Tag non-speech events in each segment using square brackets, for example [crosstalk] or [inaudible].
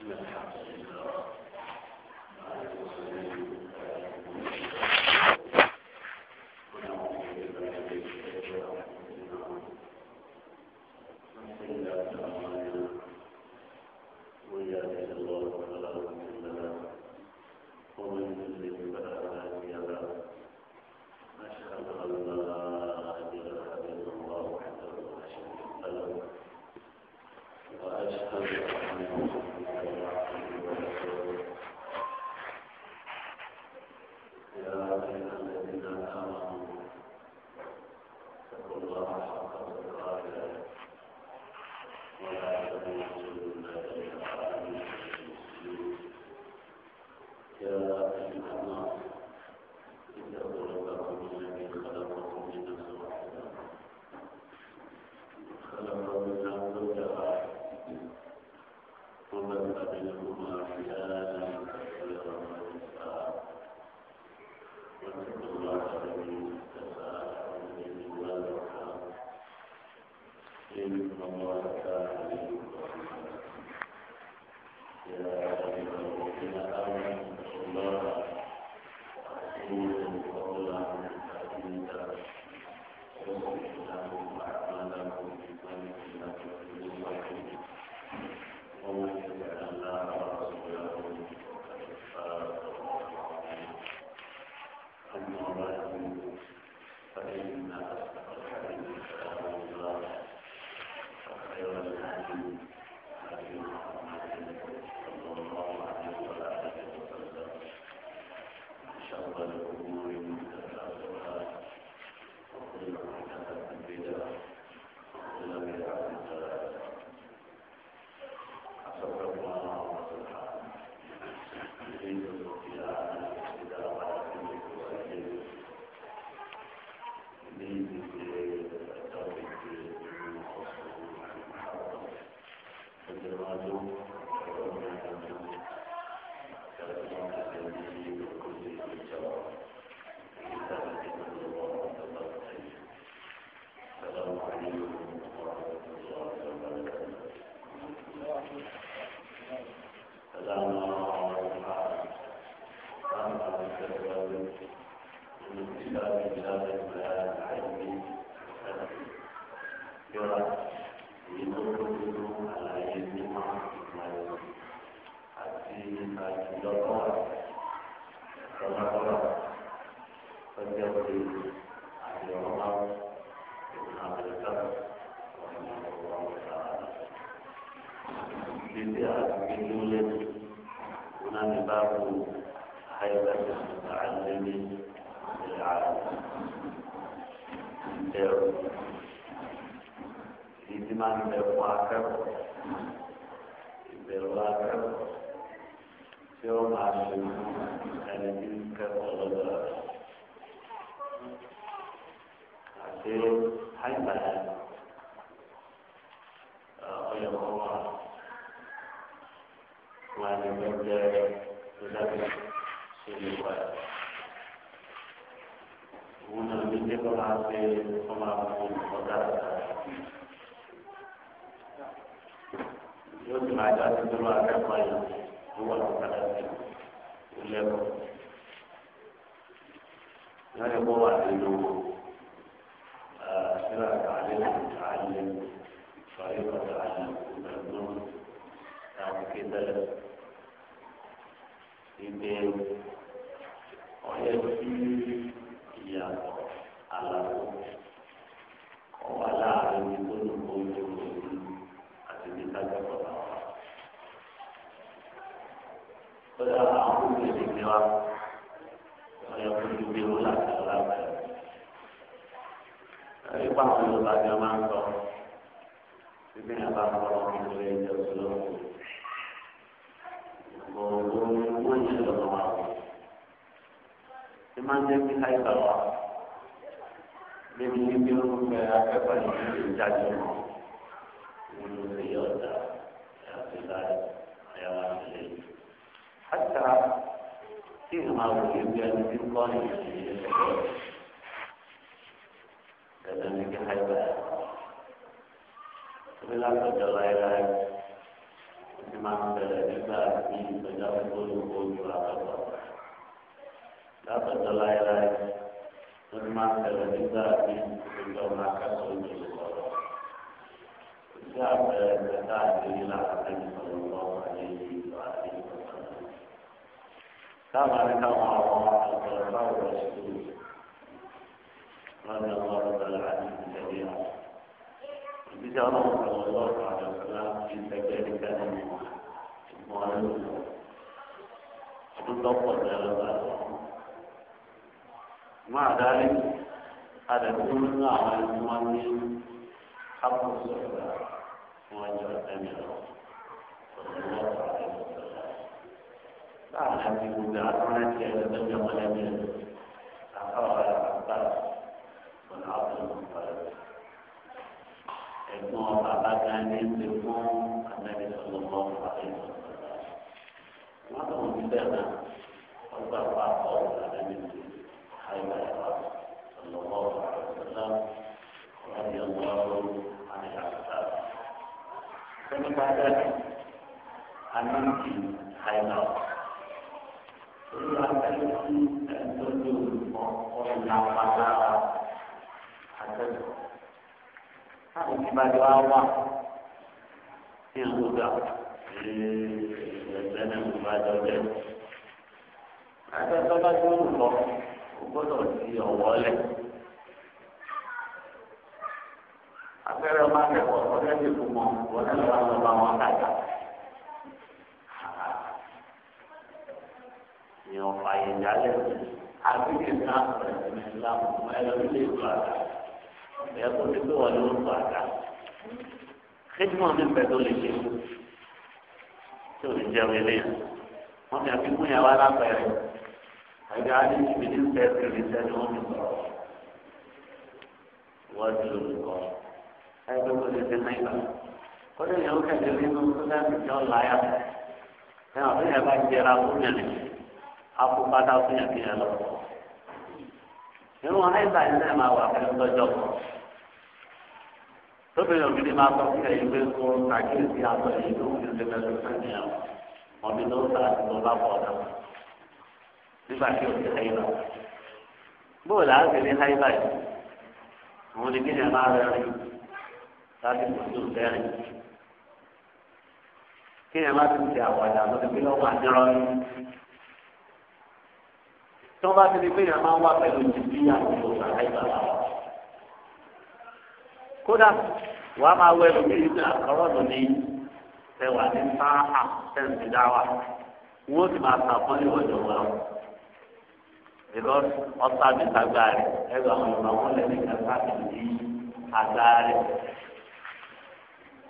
الحمد لله ga jùlọ kọ́ ọ̀làkọ́lá ọjọ́ òde àti ọ̀rọ̀má àbẹ̀lẹ́ká ọ̀nà ọ̀rọ̀ ọ̀sà. Bíbí àti ìdúlé náà ní báwo àyẹ̀wò ẹ̀sìn àlẹ́mí ìlà ẹ̀rọ. Ìdí máa ń bẹ fún akẹ́kọ̀ọ́. àyípadà jẹ́ pé káyọ̀ wà. Bébí ní bí ó ń fẹ́ akẹ́kọ̀ọ́ yìí lè jáde lọ. sábà ní káwọn àwọn àgbàlagbà wọ̀ sùkúrù lọ́dọ̀ àwọn àgbàlagbà àti ìtẹ̀lé àwọn. ìdíjà ọlọ́run kan wọ́n lọ́ọ̀rọ̀ àdàkọ́lá ti tẹ̀gbẹ́ ní kánú mi wá ṣùgbọ́n wọn ló lọ. ọdún tọ́pọ̀ ní ọlọ́pàá lọ. máa darí àdàkọ́lá nínú àwọn ẹni wọn ní ápùsọ̀rọ̀ wọn jọ ẹ̀mí lọ. ọ̀dọ́ láàbí gbogbo àtúnrẹ́ tí ẹ̀rọ tó jẹ́ wọn lẹ́bí rẹ̀ àtàwọn ọ̀rẹ́ àgbà ọ̀nà ọ̀tún ọ̀rẹ́ ẹ̀gbọ́n bàbá gan ní ti fún ànábi sọ̀rọ̀ mọ́ àti ìsọ̀rọ̀ wọn tó ń bẹ̀ náà wọ́n gbà pa ọ̀rọ̀ ànábi ti àyíká ẹ̀rọ sọ̀rọ̀ mọ́ àtọ̀sọ̀rọ̀ wọ́n yẹ wọ́n lọ́wọ́ àti àtọ̀sọ̀rọ̀ sọ́ni bá dẹ́ ànábi àyíká ọ̀rọ̀ olúwa tẹ́lẹ̀ sí ẹ̀ńtọ́jú olùkọ́ ọ̀la padà àtẹ̀kọ́. káàkiri ti bá jọ wá sí ìgbóga ẹgbẹ́ náà ló bá jọ jẹ́. àtẹ̀kọ́ bá jọ olùkọ́ ó gbọ́dọ̀ di ọ̀wọ́ lẹ̀. àpẹẹrẹ ọmọ akẹ́kọ̀ọ́ ọ̀rẹ́ èèyàn fààyè jálẹ̀ àbí kẹta ẹ̀sìn ìlànà ọmọ ẹlẹ́rú lè tó àdá ẹ̀yẹ kò ní pé wọ́n ló ń tó àdá kéjìmọ̀ mi bẹ̀ tó lè ṣe tí ò ní jẹun eléyà wọ́n fi àfikún yẹn wá lápẹ̀rẹ̀ àgbà á ní ibi ní sẹ́ẹ̀sì ní sẹ́ẹ̀sì wọ́n mi sọ̀rọ̀ wọ́n ti lò ní kọ́ ẹgbẹ́ kò lè ṣe náírà kọ́lé yẹn ó kẹ̀kẹ́ nínú sọ́dọ̀ àti ìjọ láyà ẹ̀ Aku fún yàn kéèyàn lọ. irun àìsàn yìí náà máa wà fún lọ́jọ́ kan. lóbìnrin ògidì máa sọ fún ẹ̀yìn pé kó àkíyèsí àtọ̀ yìí ló ń fi lẹ́nu fún yàn ọ̀bí ló ń sà àti ló bá pọ̀ náà. nígbà tí o ti ẹ̀yìn lọ. bóò là á fi ní háìbà yìí. àwọn ni kéèyàn máa rẹ̀ rí láti pòtò bẹ́ẹ̀rẹ̀. kéèyàn má ti ti àwàdà tí wọ́n bá ti di pé yàrá máa ń wá pẹ̀lú jìbìyà ní ọ̀sán àìbá. kódà wàá máa wẹ lómi ìgbà ọ̀rọ̀ lò ní ẹwà ní sáà dáwà wọ́n máa wa because ọ̀sán mi sàgbà ẹ̀rọ àwọn ọ̀rọ̀ wọn lẹ́nu ìgbà sáà ti àgbà rẹ̀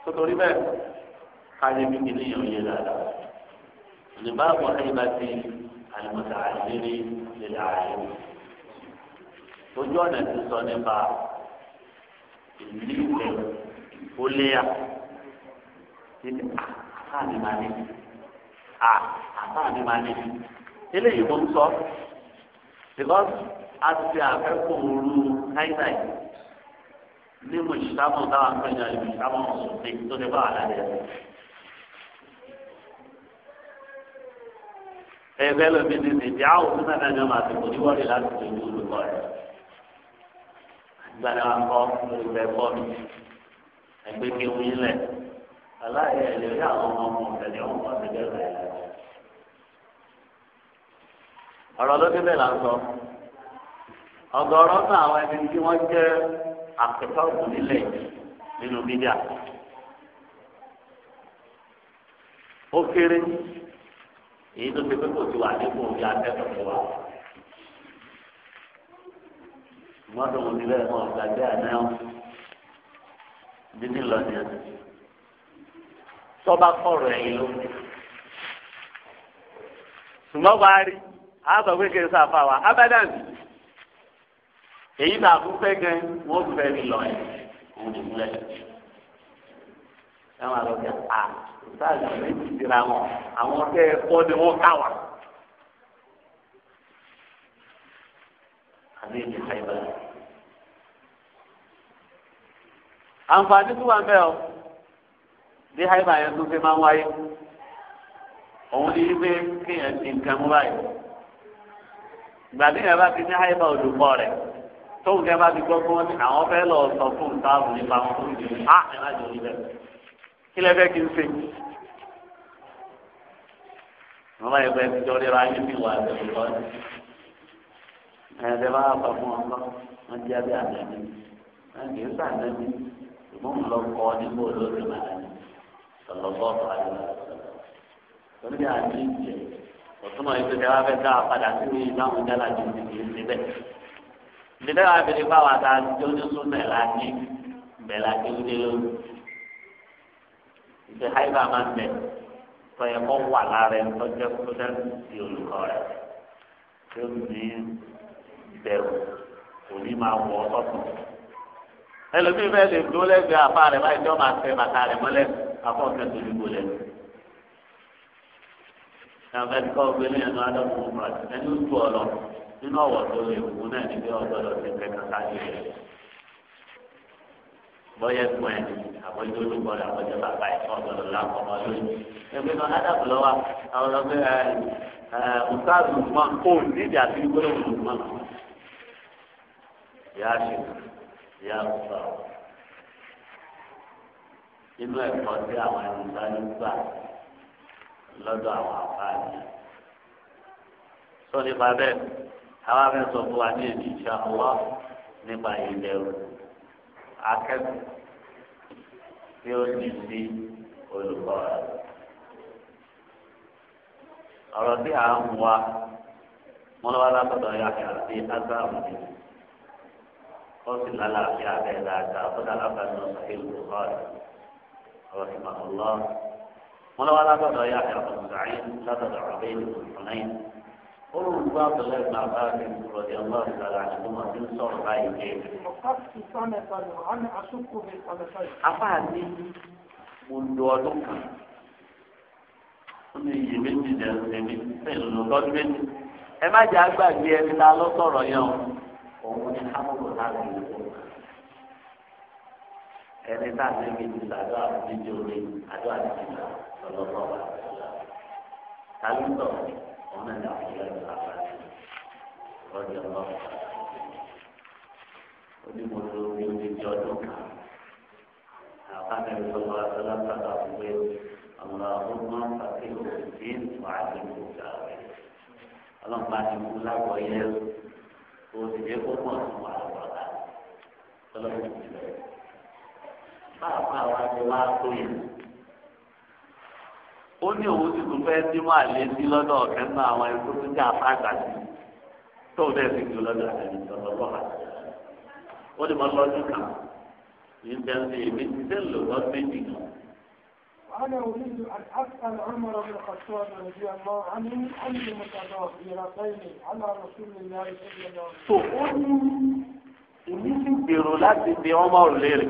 sotori bẹ́ẹ̀ káyé lára ẹni ojú ọ̀nà ti sọ nípa ìlú ìfẹ́ ó léyà níbi àtàmì máa ní àtàmì máa ní eléyìí mo ń sọ because a ti fi àfẹ́kù ooru náírà ní mo ṣì sábà táwọn akẹ́yìn àìmọ̀ ìṣàmọ̀ ọ̀sùn tó ti bá àlàyé ẹ̀sìn. ẹgbẹ́ lómi ti ti di àwọn fún náà ní ọmọ àtìkù ní wọ́ọ̀lì láti fi ìlú olùkọ́ rẹ̀. agbára akọ olùkọ́ ẹ̀kọ́ mi ẹgbẹ́ kí n wílẹ̀ aláìyẹ ẹ̀lẹ́ rí àwọn ọmọ ọmọ ọ̀tẹ̀lẹ̀ ọmọ ọ̀tẹ̀lẹ̀ rẹ̀. ọ̀rọ̀ ló dé bẹ́ẹ̀ là ń sọ ọgọ́rọ́ náà àwọn ẹni tí wọ́n jẹ́ àkẹ́kọ̀ọ́ nílẹ̀ nínú mídíà ó kéré èyí tó fi pé kò ti wà nípò orí atẹ́kọ̀ọ́ fún wa. ṣùgbọ́n tó mo ti bẹ́ẹ̀ mọ́ gbàgbé àná dídí lọ ni tọ́ba kọ̀rọ̀ ẹ̀yìn ló ń ṣùgbọ́n bá rí a sọ pé kí n sàfà wa abadan èyí tà fún fẹ́ gan wọ́n fẹ́ mi lọ ẹ̀ òun ìmúlẹ̀ ẹwọn àlọkẹ à sáàlì méjì síra wọn àwọn tẹ ẹ kọ ni wọn kà wá. àbí èmi ká ibà. àǹfààní tó wà ń bẹ ọ bí haibà yẹn tó fi máa ń wáyé òun ní wípé kéèyàn ti nǹkan mú báyìí gbàdéyàn bá ti ní haibà olùkọ́ rẹ̀ tóun kẹ bá ti gbọ́ pé wọn ní àwọn fẹ́ẹ́ lọ sọ fún ìtaàbù nípa wọn tó ń di ah ẹ má jẹ bẹ́ẹ̀ kí lẹ́fẹ́ kí n ṣe. wọ́n máa yẹ pé ẹni tó ríra yín ní ìwà àti ìkọ́ ni. ẹ̀ẹ́dẹ̀ bá wà pa fún ọkọ wọ́n jẹ́ abẹ́ ànábi wọ́n kì í sànábi ìmọ̀ ń lọ kọ́ nígbà olóòrè màá ní ọ̀lọ́gbọ́ fàáyé lórí àti ìjẹ òtún náà ìgbésẹ̀ wa fẹ́ dá padà sí ní ìdáhùn jálá ju ti kì í ṣe bẹ́ẹ̀. ìdílé wa fi ní báwa ta jóni súnmẹ̀ la ní bẹ̀rẹ̀ kí ó dé lórí ìfẹ́ haibà máa ń bẹ̀ tọ́yẹ kọ́ wà lára ẹni tó jẹ́ kó dá sí olùkọ́ rẹ̀ tó ní bẹ̀rù òní máa wọ ọ́tọ̀tún. ẹlòmíì bẹ́ẹ̀ lè dúró lẹ́gbẹ̀ẹ́ àfa rẹ̀ báyìí tó máa tẹ bàtà rẹ̀ mọ́lẹ̀ afọ́ ọ̀kẹ́ tó dúró lẹ́nu. ìyàwó ẹni kọ́ gbé lẹ́yìn náà lọ́kùnrin mọ́ra ẹni ó tú nínú ọ̀wọ́ tó lè wù náà níbi bọ́yẹ fún ẹ àbọ̀jú olùkọ́ni àbọ̀jú bàbá ẹ̀ fún ọ̀gbọ̀n lọ́la ọmọ lónìí. ẹgbẹ́ náà ádàbò lọ́wọ́ àwọn ọmọ ẹ ẹ ọ̀sáàdù mọ́ kó níbi àti gbólóhùn mọ́. ìyá ṣe ìyá ọ̀sà inú ẹ̀kọ́ sí àwọn ẹ̀rù sáré gbà lọ́dọ̀ àwọn àbáyé. sọ nípa bẹ́ẹ̀ àwọn abẹ́ fún wa ní èdè ìṣàkóso nípa ìlẹ̀ òkú akẹ́kọ̀ọ́ tí ó ní di olùkọ́ rẹ̀. ọ̀rọ̀ tí a ń wá wọn lọ́wọ́ alákọ̀tọ̀ ya àti azáàmù ni ó sì lálàáfíà bẹ́ẹ̀ dáadáa ó dà lábàánu sàkè olùkọ́ rẹ̀ ọ̀rọ̀ tí màá lọ. wọn lọ́wọ́ alákọ̀tọ̀ ya àti àbùsàáyé látọ̀dọ̀ ọ̀rọ̀ bẹ́ẹ̀ ní olùdókòwò àbẹ̀lẹ̀ bàbá rẹ̀ rọ̀dí ọlọ́run sára àti ọmọ tí ń sọ̀rọ̀ báyìí jẹ́. apá àti olùdó ọdún kan ó ní iye méjì jẹ́ ẹ̀mí ìlú lọ́dún méjì. ẹ má jẹ́ àgbàgbé ẹni tá a lọ sọ̀rọ̀ yẹn o òun ni amúlò láti ìlú ẹni tá a lè méjì àdó àti ìdíje àdó àti ìdíje lọ́lọ́lọ́ wa. ta ló ومن أحيى الأعمال رضي الله عنه onímọ̀lódó ní oníjì ọdún kan àkàndínlẹ̀ sọ̀rọ̀ àtàlà kàkà pé àwọn ọmọ pàṣẹ òṣìṣẹ́ wà á ní ìgbà rẹ̀ ọlọ́mọba ti kú lágbo yẹ òṣìṣẹ́ kó pọ̀ sí wà lọ́la ọlọ́mọba ti bẹ̀rẹ̀ báwa báwa ti wá tó yẹn ó ní òun sì tún fẹ́ dín máa lé sí lọ́dọ̀ ọ̀kẹ́ náà àwọn ẹ̀kọ́ tó jẹ́ àfáàgbà sí tó bẹ́ẹ̀ sì ju lọ́dọ̀ àtẹ̀yìn lọ́dọ̀ ó ní mo lọ́dún kan ní bẹ́ẹ̀ ní èmi ti dé lò lọ́ méjì kan. وأنا أريد أن أسأل عمر بن الخطاب رضي الله عنه أن متضافرتين على رسول الله صلى الله عليه وسلم. تقول إني في بيرولات عمر ليري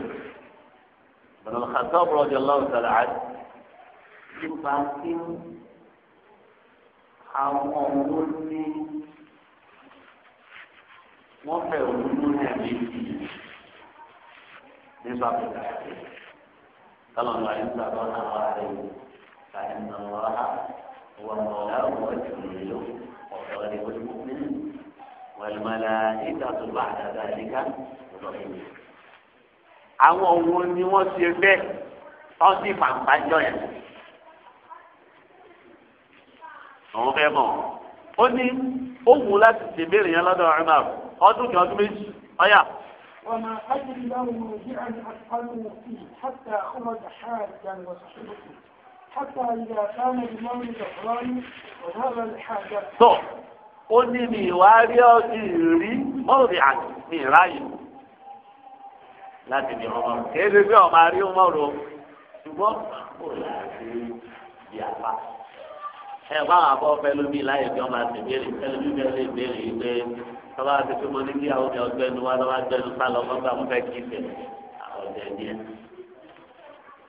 بن الخطاب رضي الله تعالى عنه nípa tí àwọn ọ̀hún ní wọ́n fẹ̀ òun ní ẹ̀mí sí nípa pẹ̀lú kálọ̀ ní àyè nígbà tó náà wà lẹ́yìn láyé náà wà á wà mọ̀lá wọ́n ti rìn lọ ọ̀dọ́ ni wọ́n ti mú mi wàlúmọ̀lá nígbà tó bá àdàdà nìkan lọ́wọ́ mi. àwọn òun ni wọ́n ṣe bẹ́ẹ̀ tọ́sí pàǹpájọ́ yẹn àwọn fẹ́ mọ̀ ó ní ó wù láti ṣe béèrè yẹn lọ́dọ̀ ọ̀rẹ́mà ọdún kan ọdún méjì ọ̀yà. وما أدري له مرجعا أسأله فيه حتى خرج حاجا tó ó ní mi wá rí ọtí mọ́rùn-ún àti mi láti ní ọmọ kéde bí ọmọ àrí ọmọ rò ṣùgbọ́n kò láti rí ìyàpá ẹ bá wà bọ́ fẹ́ lómi láyé bí wọ́n máa ti béèrè ẹlòmí bẹ́ẹ̀ lè béèrè yìí pé tọ́ba ti fi mo ní kí àwọn ọmọ ẹgbẹ́ nu wa lọ́wọ́ ẹgbẹ́ nu sálọ mọ́tà mo fẹ́ kí n tẹ̀ àwọn ọ̀dẹ̀ díẹ̀.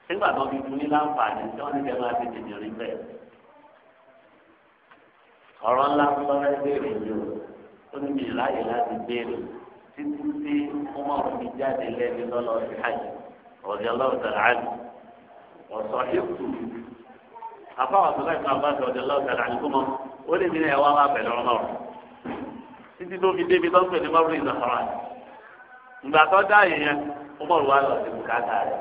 nígbà tó fi fún ní láǹfààní tí wọ́n ní kẹ́ máa ti tètè rí bẹ́ẹ̀. ọ̀rọ̀ ńlá ń béèrè yìí ó ní àfáwọn àtúntà ìfún abáṣọ ọjọ́ lọ́sẹ̀ àti àdìgúnmọ́ ó lè nílẹ̀ wá máa bẹ̀rẹ̀ ọ̀rọ̀ náà títí tó fi débi lọ́sẹ̀ ní mọ́rùn ìzàfọ́ra ìgbà tó dá yẹn ó mọ̀rù wá lọ sí bùkátà rẹ̀.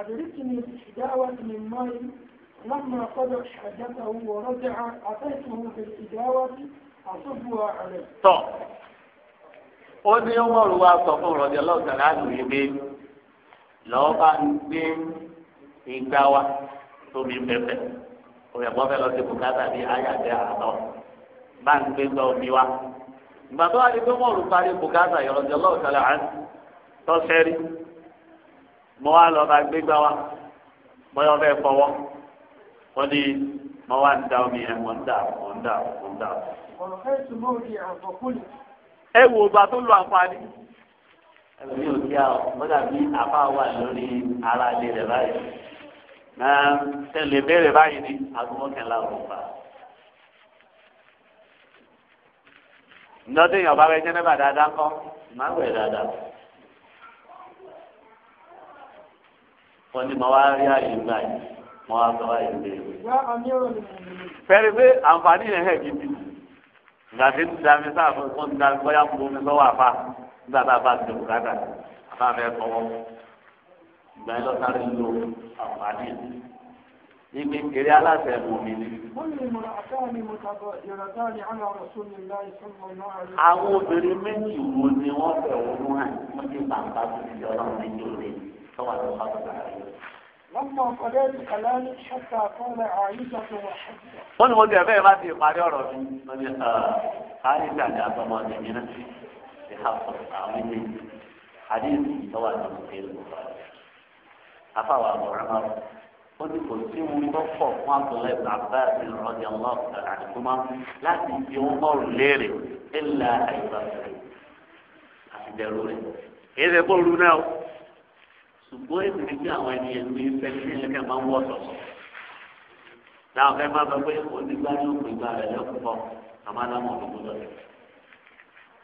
أدركني بدعوة من ماء لما قضى حاجته ورجع أتيته بالإجابة أصبها عليه. طب ó ní ọmọrù wa sọ fún rọjò lọ́sàn-án láti mi lọ́ọ́ bá ń gbé ìgbà wa tóbi pẹpẹ òyìnbó fẹ́ lọ sí bùkátà bíi ayàdé àtọ bá ń gbé gbọ omi wa ìgbà tó wà ní pé wọn ò parí bùkátà yọrọjọ lọ́wọ́ sọlá àti tọsẹrí mo wá lọ bá gbé gbá wa bóyá ọbẹ fọwọ́ ó ní mo wá ń da omi yẹn mo ń dà mo ń dà mo ń dà. ọ̀rọ̀ ẹ wo ìgbà tó lo àǹfààní ẹlòmí ò kí a ọ gbọ́dọ̀ àbá wà lórí ara ilé rẹ báyìí ṣe lè béèrè báyìí ní agbóhùnkẹ́lá òkúta. ǹdọ́dún yọ̀ọ́ bá wẹ jẹ́nẹ́bà dáadáa kọ́ máa wẹ̀ dáadáa. wọ́n ní mo wá rí àyè gbà yìí mo wá sọ àyè béèrè. fẹ́rẹ́ pé àǹfààní yẹn hẹ̀ gidi gbàtí ń dami sáà fún un kó ń dami bóyá ń bomi lọ́wọ́ àfa nígbà tá a bá ti bùkátà àfa fẹ́ kọ́wọ́ ìgbà yẹn lọ́sàárẹ̀ ń lo àǹfààní ibi kiri aláṣẹ mọ̀mí ni. àwọn obìnrin méjì wo ni wọ́n fẹ́ wọ́n hàn wọ́n ti bàbá tó ti jọ ọlọ́run méjì òde tọ́wọ́ àti ọba tó bàbá yìí. Wọ́n ní wọ́n ti ẹ̀fẹ́ bá ti parí ọ̀rọ̀ mi. Wọ́n ní àyíká ah, ni àtọmọ ọdẹ mi ti ha sọ̀rọ̀ àwọn méjèèjì. Àdéhùn ìtọ́wà ni mo fi ń lò afáwà mọ̀ràn ó ní kò sí wọn tó pọ̀ fún abdullahi bàbá àti rọ́jà ọlọ́ọ̀tà àdìgúnmá láti fi wọn mọ̀rún léèrè ńlá àyíká rẹ̀ àti dẹ̀rù rẹ̀ èyí ṣe kó lu náà o ṣùgbọ́n èmi ní kí àwọn ènìyàn ní ìfẹ́ ní ẹ̀kẹ́ máa ń wọ̀ sọ̀tọ̀ láwọn fẹ́ máa sọ pé onígbà yóò pè gba rẹ̀ lẹ́kọ̀ọ́ àmọ́ aláwọ̀ òdòdó lọ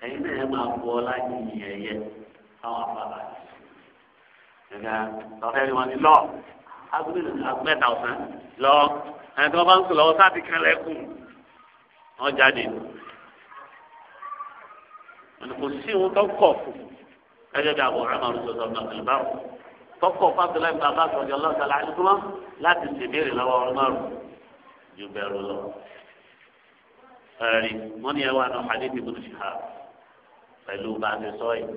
ẹ̀yin náà ẹ máa bu ọlá yìnyín ẹ̀yẹ fáwọn afárá yìí lọ́fẹ́ ni wọ́n ti lọ agbẹ́ta ọ̀sán lọ ẹni tí wọ́n bá ń sùn lọ́wọ́ sáà ti kan lẹ́kùn wọ́n jáde kò sí ohun tó kọ̀ fún ẹgbẹ́ bí àbọ̀ ọ̀rẹ́mọ̀ ló sọ̀tọ̀ ọ̀gbọ̀n ìbá wọn tó kọ̀ fásilẹ̀ ìgbà bá sọ̀rọ̀ ọlọ́ọ̀sán láti túmọ̀ láti ṣèbéèrè lọ́wọ́ ọ̀rẹ́mọ̀ rò ju bẹ̀rù lọ. ẹ̀rí wọ́n ní ẹwà náà hadith ibùdó ṣìhà pẹ̀lú bá a ti sọ yìí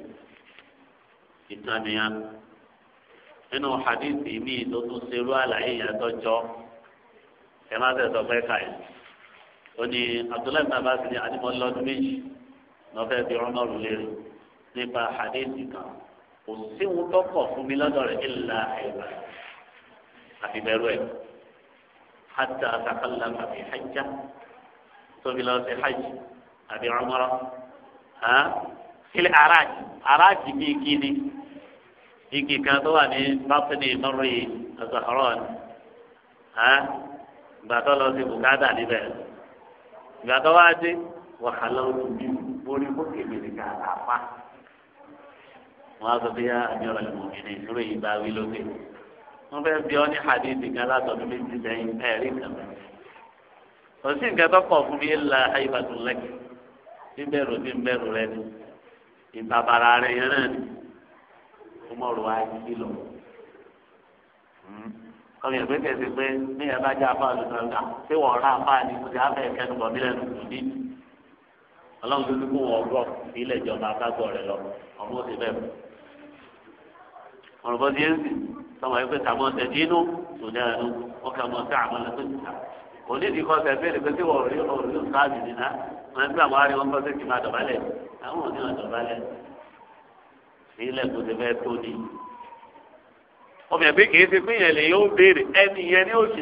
ìtàn nìyẹn nínú hadithi míì tó tún ṣerú àlàyé yẹn tó jọ ẹ má tẹ̀sọ̀ fẹ́ kà yìí ó ní abdullahi bin abbas ní adimọ́lọ́dún méjì lọ́fẹ́ bí ọmọ rù lérí nípa hadithi kan kò síhun tó pọ̀ fún mi lọ́dọ̀ rẹ̀ ìlà ẹ̀rọ àfi bẹ̀rù ẹ̀ hàtà àtàkàlà àfi hajjá tóbi lọ sí hajj àfi umrah hàn sílẹ̀ aráàjì aráàjì bíi kíni igi kan tó wà ní bátìní nọ́rì azahron ìgbà tó lọ sí bukada níbẹ̀ ìgbà tó wá dé wàhálà òtútù borí bókè mìíràn ká àpá wọn á sọ bí àjọyọ̀ ìmọ̀mìnì ìṣòro yìí bá wí lókè wọn fẹ́ bí ọ ní hadithi kan látọ̀dún méjì lẹ́yìn ẹ̀rí kan kò sí nǹkan tó kọ̀ fún mi la ayébàtúlẹ̀kì bíbẹ̀rù bíbẹ̀rù rẹ ni ìbàbàrà rẹ yẹn náà ni mọ̀rọ̀ ayé lọ. Hmm. ọmọ ìgbẹ́ kẹsì pé ní ẹ bá jẹ́ afáàlù sọ̀rọ̀ ṣé wọ́n rà afáàlù kò sí afẹ́ kẹnu bọ̀ mílẹ̀ nùdí. ọlọ́run tó ní kó wọ́n gbọ́ ilẹ̀ ìjọba àbágbọ̀ rẹ̀ lọ ọmọ òsì bẹ́ẹ̀. ọ̀rọ̀ bọ́ sí ẹ̀sìn sọmọ ìgbẹ́ tàbọ̀ tẹ̀ dínú sùdánù ọkà mọ̀ sí àmọ́ onídìí kan sẹ bẹ́ẹ̀ lẹgbẹ tí wọn ò rí òòlù káàdì nínú wọn gbé àwọn arìnrìn wọn kọ sí kí máa dọ̀bálẹ̀ ilẹ̀ kò ti fẹ́ tó ni ọmọ ẹ̀mí kìí ṣe pé yẹn lè yóò béèrè ẹni yẹn ni ó ṣe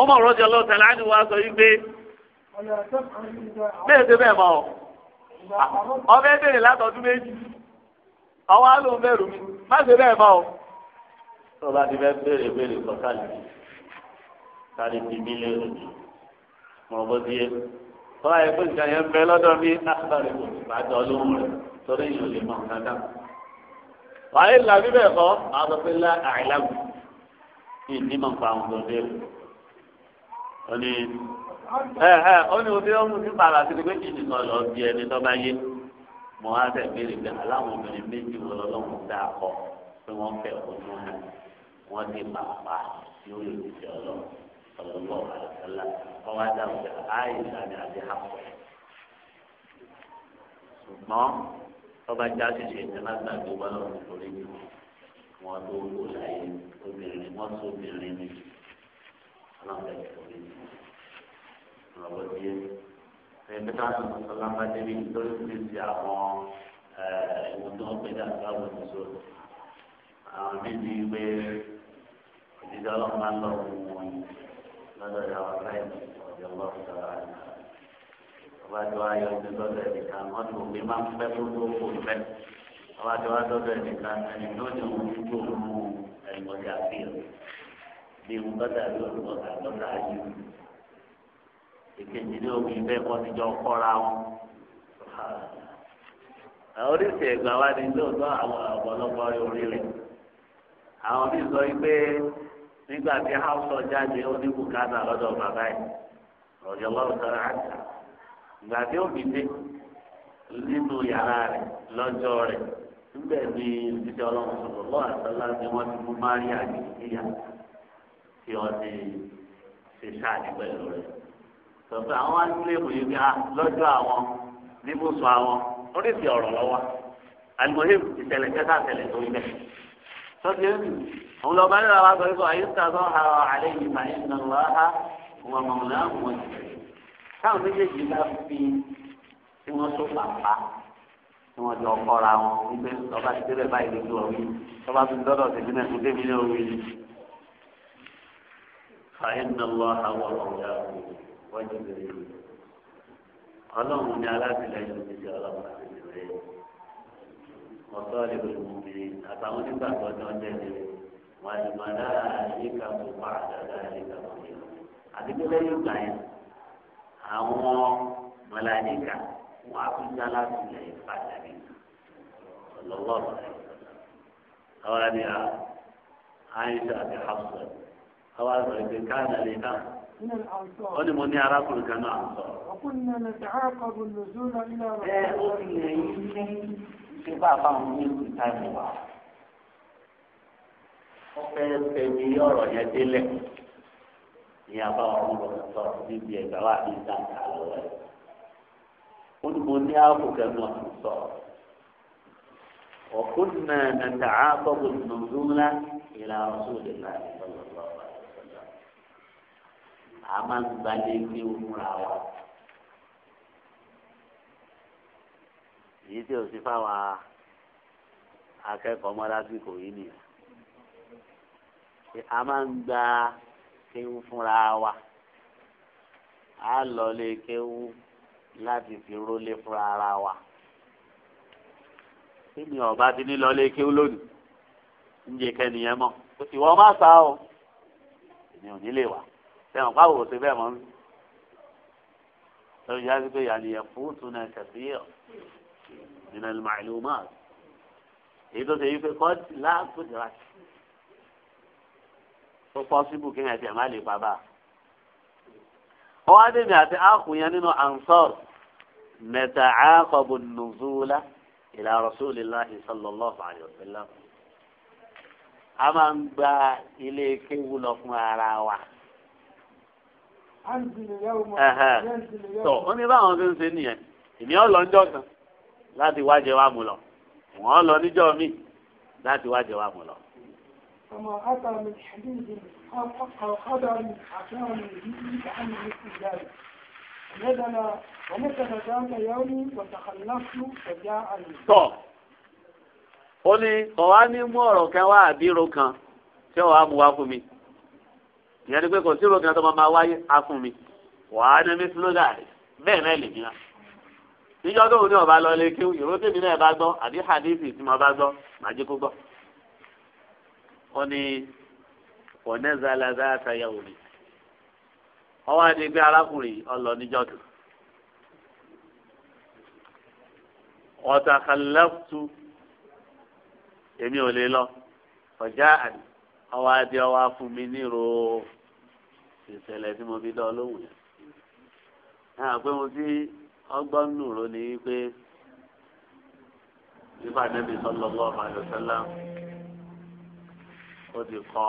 ọmọ rọjò lọ́tẹ̀ láti wá sọ yìí pé bẹ́ẹ̀ ṣe bẹ́ẹ̀ mọ́ ọ ọmọ ẹ béèrè látọdún méjì ọwọ́ á lóun bẹ̀rù mi má ṣe bẹ́ẹ̀ mọ́ ọ. tó o bá ti fẹ́ béèrè béèrè kọ́ káàlì káàlì ti mí lérò ní mọ̀ bó ti yẹ. fún ìjà yẹn bẹ lọ́dọ̀ mi láti torí yìí ò lè mọ kankan. wàhálà ìlà bíbẹ̀ kọ́ máa sọ pé lá àìlámù kí ní mọ̀ pa àwọn tó dé o. ó ní ẹ ẹ ó ní omi ó mú sí bàrà sí ni pé kí ni kan lọ bí ẹni tó bá yé mọ á tẹ̀ béèrè aláwọn obìnrin méjì wọn lọ́wọ́ dá kọ pé wọ́n fẹ́ ojú wọn wọ́n ní tí ó lè tẹ̀ ọ́ lọ ọlọ́lọ́ àlùfẹ́lá wọ́n wá àìsàn ni àti àpò ẹ̀ tọ́ba já sí ṣe ìtẹ́lágbà tó bá lọ́wọ́ nítorí mi wọn tó kó láyé obìnrin wọn tó obìnrin mi ọlọ́mọdé nítorí mi ọlọ́wọ́ díẹ̀ ẹ̀ẹ́dẹ́gbẹ́ta sọ̀tọ́lá bá débi nítorí mi ti àwọn ìwọ̀n tó ń pè dà láwọn ìṣòro àwọn bíbí pé òjijì ọlọ́mọdé lọ́wọ́ wọn lọ́dọ̀ ìyàwó aláìsàn ọ̀dẹ̀ ọlọ́mọdé wájú ayọ̀ ti lọ́dọ̀ ẹ̀nìkan wọ́n ti òbí máa ń pẹ́ tó tó kò pẹ́ wájú ayọ̀ lọ́dọ̀ ẹ̀nìkan ẹni tó ní òun tó mú ẹ̀mọ́jà sí rẹ̀ bí òun lọ́dà yóò lọ́dà lọ́dà ayé ìkejì ní omi bẹ́ẹ̀ kọ́ níjọ́ kọ́ra wọn. oríṣi ẹ̀gbà wa ni lóòótọ́ àwọn ọ̀pọ̀lọpọ̀ orí rẹ̀ àwọn bí sọ pé nígbà tí hausa jáde ó lọ́dọ̀ bàbá yìí rọ̀jọ̀ lọ́rùn ìgbà tí ó fi dé nínú yàrá rẹ̀ lọ́jọ́ rẹ̀ níbẹ̀ ni ìdíje ọlọ́run sọ̀rọ̀ lọ́wọ́ àtàlá ni wọ́n ti mú Máríà ní ìyá tí wọ́n ti ṣe ṣáàdì pẹ̀lú rẹ̀. sọ̀tún àwọn agbélébù yìí bí a ah, lọ́jọ́ àwọn níbùsùn àwọn oríṣi ọ̀rọ̀ lọ́wọ́ alimohim ìṣẹ̀lẹ̀ kẹta ṣẹlẹ̀ tó ilẹ̀. sọ́tún yẹn òun lọ́ọ́ bá yẹn lọ́wọ́ àgbẹ̀rẹ̀ sọ àyíká sọ́ọ́ táwọn méjèèjì bá fi tí wọ́n so pàpà tí wọ́n jọ kọ́ra wọn wípé ọba ti débẹ̀ báyìí lójú ọ̀wí ọba ti dọ́dọ̀ tèmi náà tó débi ní òwe yìí. فإن الله هو مولاه وجبريل اللهم على كل شيء الله وصالح المؤمنين أتعود بعد وجهه والملائكة بعد ذلك ظهير. هذه لا يمكن àwọn mọ̀láyìíkà wọn á fi dá láti lè padà ní ọlọ́wọ́ rẹ̀. Àwọn ni a Aisha àti Hafsa àwọn àgbà ìgbé káàdà lè náà. Ó ní mo ní arákùnrin kan náà sọ. Ẹ ó ti lè yí ní ṣe bá a bá wọn ní ìta ìwà. Ó fẹ́ fẹ́ mi ọ̀rọ̀ yẹn délẹ̀ ní abáwọn ọmọ rẹ sọ níbi ẹgbà wà ní ìdáǹkà lọ́wọ́ ẹ ó ní mo ní ààbò kẹnu ọ̀sán sọ ọ̀kúnnà nàdà àbọ̀bọ̀ nùdúnlá ìlà ọ̀sùn lè la ìfọ̀lọ́lọ́ a máa ń gbalẹ̀ ní òmùra wa èyí tí ò sí fáwọn akẹ́kọ̀ọ́ mọ́ lásìkò yìí nìyẹn a máa ń gba kéwú fúnra wa á lọ lé kéwú láti fi rólé fúnra ara wa kí ni ọba ti ní lọ lé kéwú lónìí ń jẹ kẹ́niyẹn mọ́ kò sì wọ́n má sá o èmi ò ní lè wà sẹ́wọ̀n pàwọ̀ òsè bẹ́ẹ̀ mọ́ mi lórí yára pé yàrá yẹ fúùtù náà kẹfìyà nínú ẹlòmọ̀ àìlú máa èyí tó ṣe yí pé kọ́ láàbùdìrà sí. o pọ́sibú kí ẹ̀ tiẹ̀ má lè pa a. wọ́n á dèmi àti áàkùn yẹn nínú ansor mẹ́ta àákọ́bù nùzúlá ìlà rasulillahi sallallahu alayhi wa sallam. a máa ń gba ilé kéwu lọ fún ara wa. tó ní báwọn fi ń ṣe nìyẹn ìní lọ kan láti wá jẹ wá mu lọ wọ́n lọ níjọ́ míì lọ. فما أتى من حديث أو قدر حكام به عن مثل ذلك نزل ومثل ذاك يوم وتخلفت فجاءني. ó ní ọ̀wá ní mú ọ̀rọ̀ kan wá àbírò kan tí ọ̀wá mú wá fún mi ìyẹn ni pé kò sí ìròkìn tó máa máa wáyé á fún mi wàá ní mí sílódà rẹ̀ bẹ́ẹ̀ náà lè mìíràn níjọ́ tóun ní ọba lọ lé kí ìró tèmi náà bá gbọ́ àbí hadithi tí mo bá gbọ́ màá jẹ́ kó gbọ́ wọ́n ní ọ̀nẹ́zàlá dáadáa yà wòlé ọwọ́ àti gbé arákùnrin ọlọ níjọ́dún. ọ̀tàkàlẹ́fùtù èmi ò lè lọ ọ̀já àdì ọwọ́ adé ọwọ́ fún mi nírò ìṣẹ̀lẹ̀ tí mo fi dán lóhùn yẹn. náà pé mo ti ọgbọ́n nùrọ̀ ni wípé nípa nẹ́bí sallallahu alaihi wasallam ó ti kọ́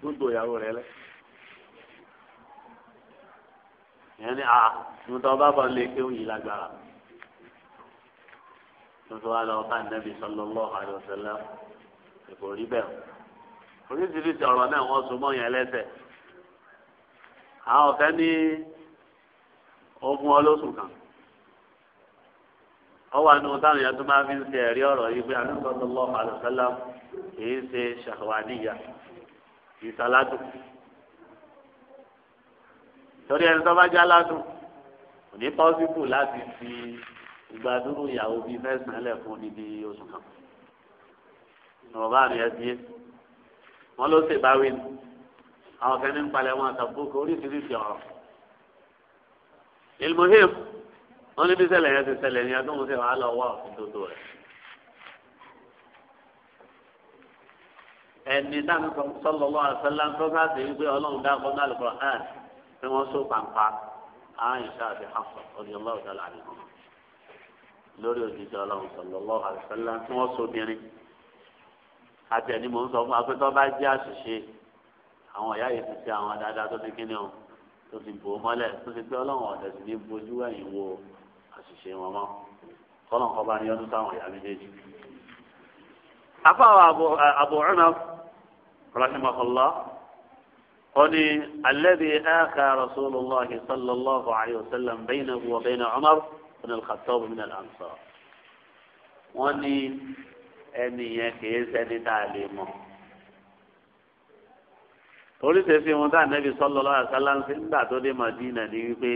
gbogbo ìyàwó rẹ̀ lẹ́. ìyẹn ni àà tuntun ọba bọ̀ lé kéwù yìí lágbára tuntun wa lọ ká nẹ́bí sallallahu alaihi wasallam kò rí bẹ́ẹ̀ oríṣiríṣi ọ̀rọ̀ náà wọ́n so mọ́ yẹn lẹ́sẹ̀ àwọn ọ̀fẹ́ ní ogun ọlọ́sùn kan ọwọ́ àti ọ̀táwọn yẹn tó máa fi ń ṣe ẹ̀rí ọ̀rọ̀ yìí pé àdúgbò lọ́wọ́ àlùfẹ́lá kìí ṣe ṣàwádìyà ìsàlátù torí ẹni tó bá já ládùn kò ní pọ́sibù láti fi ìgbà dúró ìyàwó bíi mẹ́sàn-án lẹ̀ fún níbi oṣù kan ọ̀rọ̀ bá mi ẹ wọn ló ṣe báwí ni àwọn kẹ́ni ń palẹ̀ wọn àtàkùn oríṣiríṣi ọ̀rọ̀ ilmuhim wọ́n ní bí ṣẹlẹ̀ yẹn ti ṣẹlẹ̀ ní adóhùn sí wàá lọ wá òfin tó tó rẹ̀. ẹni dáná sọlọ lọ àṣẹlá tó bá ti wípé ọlọ́run dá ọgbọ́n náà lọ́kọ̀ ẹ̀ pé wọ́n sọ pàǹpà àìsà àti hafsa ọdí ọlọ́run dá láàrin wọn. lórí òjijì ọlọ́run sọlọ lọ àṣẹlá tí wọ́n sọ obìnrin àti ẹni mò ń sọ fún wa pé tó bá jẹ́ àṣìṣe àwọn ìyá yìí ti ṣe àwọn dáadáa tó ti kíni o tó ti bò ó mọ́lẹ̀ tó ti pé ọlọ́run ọ̀dẹ̀ sì ní bojú ẹ̀yìn wo ṣe wọn mọ́ kọ́lọ́n kọ́ bá ní ọdún táwọn ìyá méjèèjì. afáwọn Abu Unaf rahimahullah ó ní alladhi aaka rasulillah sallallahu alayhi wa sallam baynahu wa bayna Umar ibn al-Khattab min al-ansar. wọ́n ní ẹni yẹn kì í ṣẹni tá a lè mọ̀ torí ṣe wọn tá ànábì sallallahu alayhi wa sallam tó dé Madina ní wípé.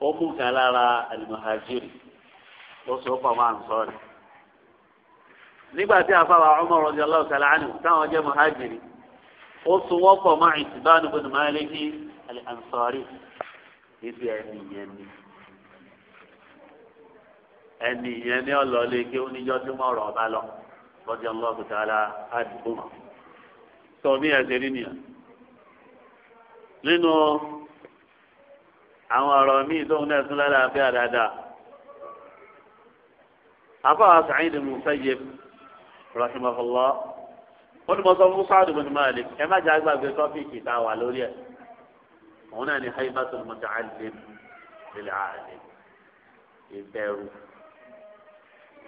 ó mú kan lára alimahajiri ó sọ ó pàmò ànsọ́rì nígbà tí afáwa Umar radiyallahu ta'ala anhu táwọn jẹ́ muhajiri ó sọ wọ́n al-Ansari níbi ẹni yẹn ni ẹni yẹn ni ọlọ́lé kí oníjọ́ lọ sọ mí àwọn ọ̀rọ̀ míì tóun náà tún lálàáfíà dáadáa. afáwa Sa'id al-Musayyib rahimahullah wọ́n ní mo sọ fún Sa'd ibn Malik ẹ má jẹ́ àgbàgbé tọ́pìkì tá a wà lórí ẹ̀ òun náà ni haibatul muta'allim lil 'alim ìbẹ̀rù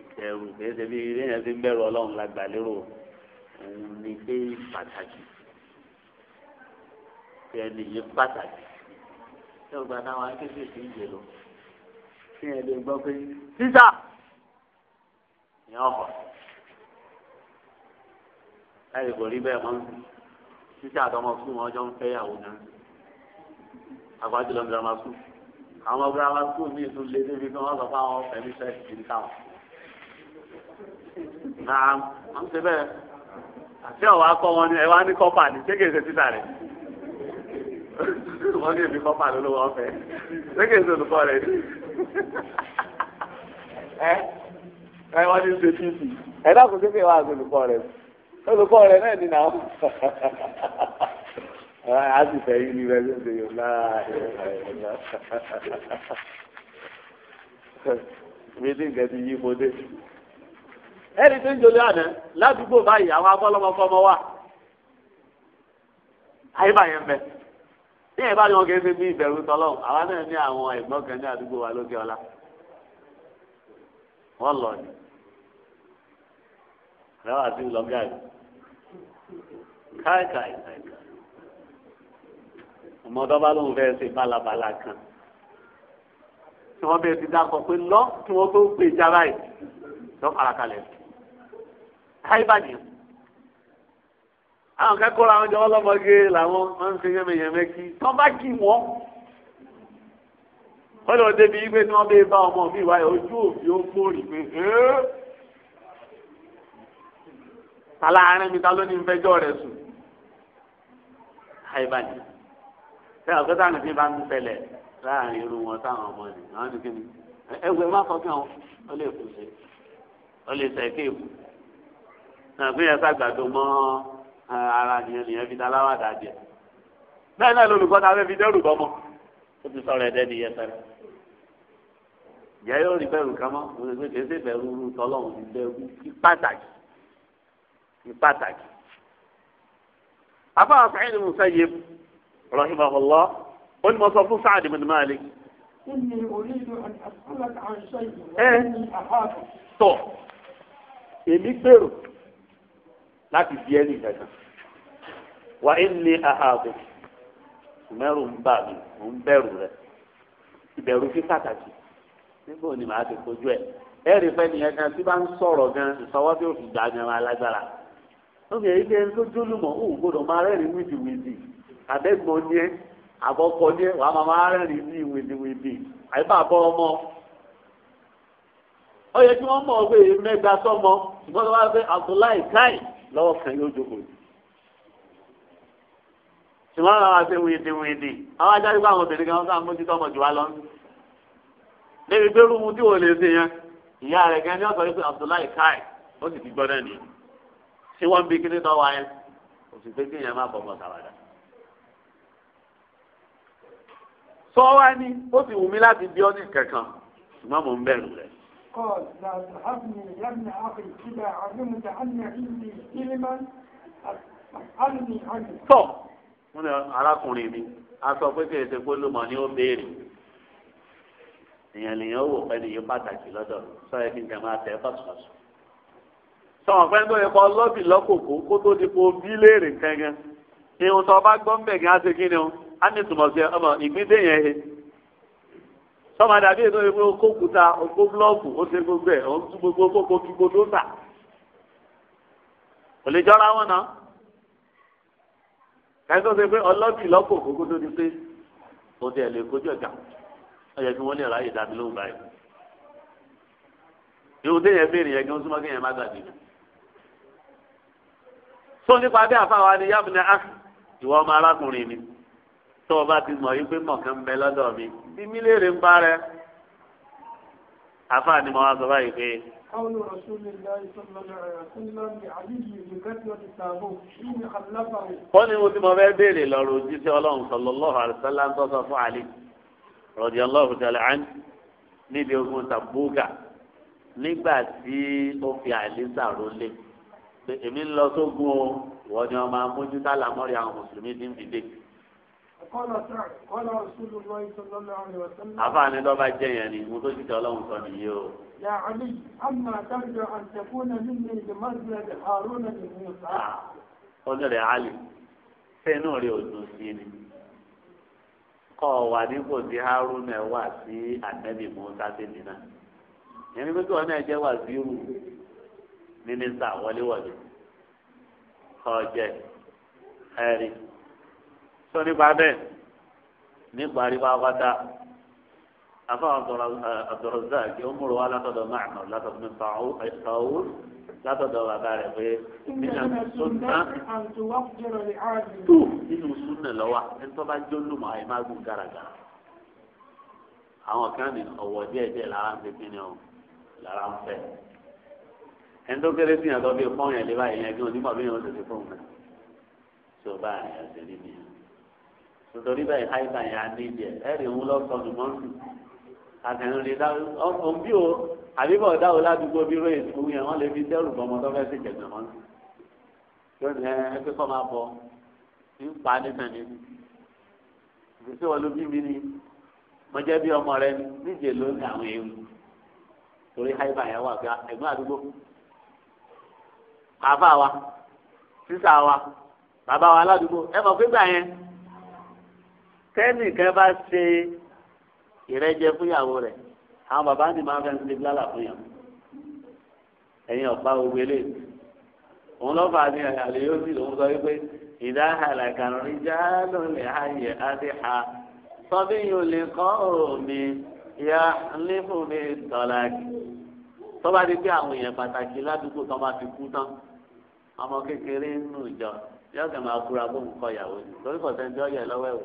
ìbẹ̀rù gbèsè bí ìrìnà ti ń bẹ̀rù ọlọ́run la lérò òun ni pé pàtàkì pé ẹni pàtàkì tí ọgbà táwọn akéde ti ń jè lọ tí ẹ lè gbọ́ pé títà ìyá ọkọ̀ láì kò rí bẹ́ẹ̀ mọ́ títà àtọmọ sùn wọn jọ ń fẹ́ yàwó náà àgbájúlọ girama sùn àwọn girama sùn ní ìlú lé débi kí wọ́n sọ fún àwọn fẹ̀mí sẹ́ẹ̀sì kìí káwọn. náà wọ́n ti bẹ́ẹ̀ àti ọ̀wá kọ́ wọn ni ẹ wá ní kọ́pà ní ṣé kìí ṣe títà olùkọ́ ní èmi kọ́pà lólówó ọ̀fẹ́ lẹ́kẹ̀ẹ́ sí olùkọ́ rẹ̀ ni. ẹ ẹ wọ́n ṣe fífi ẹ náà kò sí pé wàá olùkọ́ rẹ̀ olùkọ́ rẹ̀ náà ni nà ó. a sì fẹ́ yí ni rẹ̀ ló ń ṣe yòó láàárín mi ti nǹkan yí mo dé. ẹni tó ń àná ládùúgbò báyìí àwọn ní ẹ̀ bá ní wọn kì í ṣe bí ìbẹ̀rù tọ́lọ́ àwa náà ní àwọn ẹ̀gbọ́n kan ní àdúgbò wa lókè ọlá wọ́n lọ ni rẹwà sí lọ́gà yìí káìkàì ọmọdé bá lóun fẹ́ ṣe bálabàla kan tí wọ́n bẹ̀rẹ̀ ti dákọ̀ pé lọ́ kí wọ́n tó gbé ìjà báyìí lọ́ farakalẹ̀ káìbàdìyàn àwọn akẹ́kọ̀ọ́ làwọn jọ ọlọ́mọge làwọn máa ń ṣe yẹ́mẹyẹ̀mẹ kí tán bá kí wọ́n ó lọ débi wípé tí wọ́n bẹ bá ọmọ mi wáyé ojú òfin ó gbòòrì pé aláàárín mi ta ló ní fẹjọ́ rẹ̀ sùn àìbàjẹ́ ṣé àwọn kẹta nìkan bá ń ṣẹlẹ̀ láàrin irun wọn táwọn ọmọ ni àwọn nìkan ni ẹgbẹ́ má fọ́ kí wọn ó lè kù sí ó lè sẹ́kẹ̀ẹ́ mú nàgbéyàtà gbàdúmọ́. Eh, ara nìyẹn nìyẹn fi daláwà dàjẹ bẹ́ẹ̀ náà lolùkọ́ náà fẹẹ fi dẹrù bọmọ ó ti sọ̀rọ̀ ẹdẹ nìyẹn fẹrẹ ìyá yóò rí bẹ̀rù kan mọ òun ìgbé kèé sì bẹ̀rù tọlọ́run ti bẹ̀rù ní pàtàkì ní pàtàkì. afáà Sa'id ibn Musayyib rahimahullah ó ní mo sọ fún Sa'd ibn Malik. inni uridu an as'alaka an shay'in wa eh. inni ahatu. tọ èmi gbèrò. láti di ẹni wà á ní mẹ́rù ń bà mí ń bẹ̀rù rẹ̀ ìbẹ̀rù fi pàtàkì níbo ni màá ti kojú ẹ̀ ẹ̀rì fẹ́ nìyẹn kan tí bá ń sọ̀rọ̀ gan ìsọwọ́ tí ó fi gbà gan alágbára lókè yìí tó gbọ́dọ̀ máa rẹ́rìn wìdìwìdì ni ni ní ọmọ ó yẹ kí wọ́n mọ̀ pé mẹ́gbà sọ́mọ fẹ́ lọ́wọ́ kan yóò jókòó ni. ṣùgbọ́n àwọn àti wíìdì wíìdì àwọn ajáde pé àwọn obìnrin kan sáà mójútó ọmọ jù wá lọ. débi pé rúmu tí wọ́n lè ṣe yẹn ìyá rẹ̀ gan ni ọ̀sán yìí pé Abdullahi Kai ó sì ti gbọ́ náà nìyẹn. ṣé wọ́n bí kíní tọ́ wa yẹn? òsì pé kéèyàn má bọ̀ ọmọ sàwádà. sọ wá ní ó sì wù mí láti bí ọ́ ní kankan ṣùgbọ́n mò ń قال لا تذهبني يا ابن أخي إذا علمت أن عندي علما أسألني عنه طب wọ́n ní arákùnrin mi a sọ pé kèrè ṣe gbólómọ ni ó béèrè èèyàn lèèyàn wò pé nìyí pàtàkì lọ́dọ̀ sọ yẹ kí n kàn máa tẹ fọ́sùfọ́sù. sọ̀rọ̀ pé nítorí kan lọ́bì lọ́kòkò kó tó di po bí léèrè kankan ihun bá gbọ́ ń bẹ̀ á ṣe kí ni o á ní ìtumọ̀ sí ọmọ ìgbín dé he sọ́mọ àdàbí ètò ìwé okó kúta okó búlọ́ọ̀kù ó ṣe gbogbo ẹ̀ ó ń tún gbogbo kókó kí gbogbo tà kò lè jọra wọn náà kàyí tó ṣe pé ọlọ́ọ̀kì lọ́kọ̀ gbogbo tó di pé ó ti ẹ̀ lè kojú ọjà ó yẹ kí wọ́n lè ráyè dábí lóhùn báyìí ìhùn téèyàn béèrè yẹn kí wọ́n súnmọ́ kéèyàn má gbàgbé tó nípa bí àfáwa ni ni ìwọ tó o bá ti mọ̀ yí pé mọ̀kàn ń bẹ lọ́dọ̀ mi bí mi ń bá rẹ. àfáà ni mo wá sọ báyìí pé. قول رسول الله صلى الله عليه وسلم لعلي بكثرة التابوت حين خلفه. wọ́n ní mo ti mọ fẹ́ béèrè lọ́rọ̀ òjíṣẹ́ ọlọ́run sallallahu alaihi wasallam tó sọ fún àlè radiyallahu ta'ala anhu níbi ogun tàbúgà nígbà tí ó fi àlè sàrólé èmi ń lọ sógun o ìwọ ni wọn máa mójútó àlámọ́rí àwọn mùsùlùmí ti ń fi dé àfààní lọ́ba jẹ́ yẹn ni mo tó ti tẹ ọlọ́run sọ nìyí o. Ya Ali, amma tarjo an takuna minni bi manzilati Haruna bi Musa. Ọjọ́ ah, rẹ̀ Ali, sẹ́nu rẹ̀ ò dùn sí ni. Kọ́ ọ wà nípò tí Haruna wà sí Ànábì Musa sí ni náà. Ẹni pé kí wọn náà jẹ́ wà sí irú mínísítà wọléwọ̀lé. Kọ́ ọ jẹ́ ẹ̀rí sọ nípa bẹ́ẹ̀ nípa àríwá wáta afọ àtọrọzà kí ó múrò wá látọ̀dọ̀ máàmù látọ̀dọ̀ nípa ọwọ́ eh, látọ̀dọ̀ bàbá rẹ̀ pé nínú súnà tó nínú súnà lọ́wọ́ ẹni tó bá jólùmọ̀ àyè má gùn gàràgàrà àwọn kan ní ọ̀wọ̀ díẹ̀ díẹ̀ lára ń pépé ni ọ lára ń fẹ́ ẹni tó kéré sí yàn lọ fọ́ọ̀yàn lé báyìí yẹn kí wọ́n nígbà bí wọ́n ti fi fóun náà tí ó bá yàn tòtòrí bẹ́ẹ̀ káyìpá yẹn àdéjì ẹ̀ ẹ̀rì òun lọ sọ ní mọ́tì àtẹnudí dáwọ ọ̀hún bí o àbíbọ̀ dáwọ ládùúgbò bí rẹ̀ ètò yẹn wọ́n lè fi dẹ́rù bọ́mọ tó fẹ́ sí jẹ̀gbẹ̀ mọ́tì yóò ní ẹ kọ́ máa bọ̀ ń pa nífẹ̀ẹ́ ni ìgbésí wọn ló bí mi ni mo jẹ́ bí ọmọ rẹ níjẹ̀ ló ní àwọn ewu torí káyìpá yẹn wà pé ẹ̀gbọ́n àdúgbò àfa wa sísà wa bàbá wa ládùúgbò ẹ mọ̀ pé gbà yẹn tẹ́nìkan bá ṣe ìrẹ́jẹ fúnyàwó rẹ̀ àwọn bàbá ni máa fẹ́ ṣe blálà fúnyàwó ẹ̀yin ọ̀pá ògbélé òun lọ́fà ni àlè yóò sì lòun sọ wípé ìdá àlàkàrọ̀ ní jáàlù lè ayè àti ha sọ́bí yóò lè kọ́ òmì ya lẹ́fún mi tọ́lá kì tọ́ba di pé àwọn èèyàn pàtàkì ládùúgbò tó bá fi kú tán ọmọ kékeré nù jọ yọ̀ọ̀kẹ́ máa kúra bóun kọ ìyàwó torí kọ̀ọ̀tẹ́ ń jọ́ lọ́wọ́ ẹ̀wò.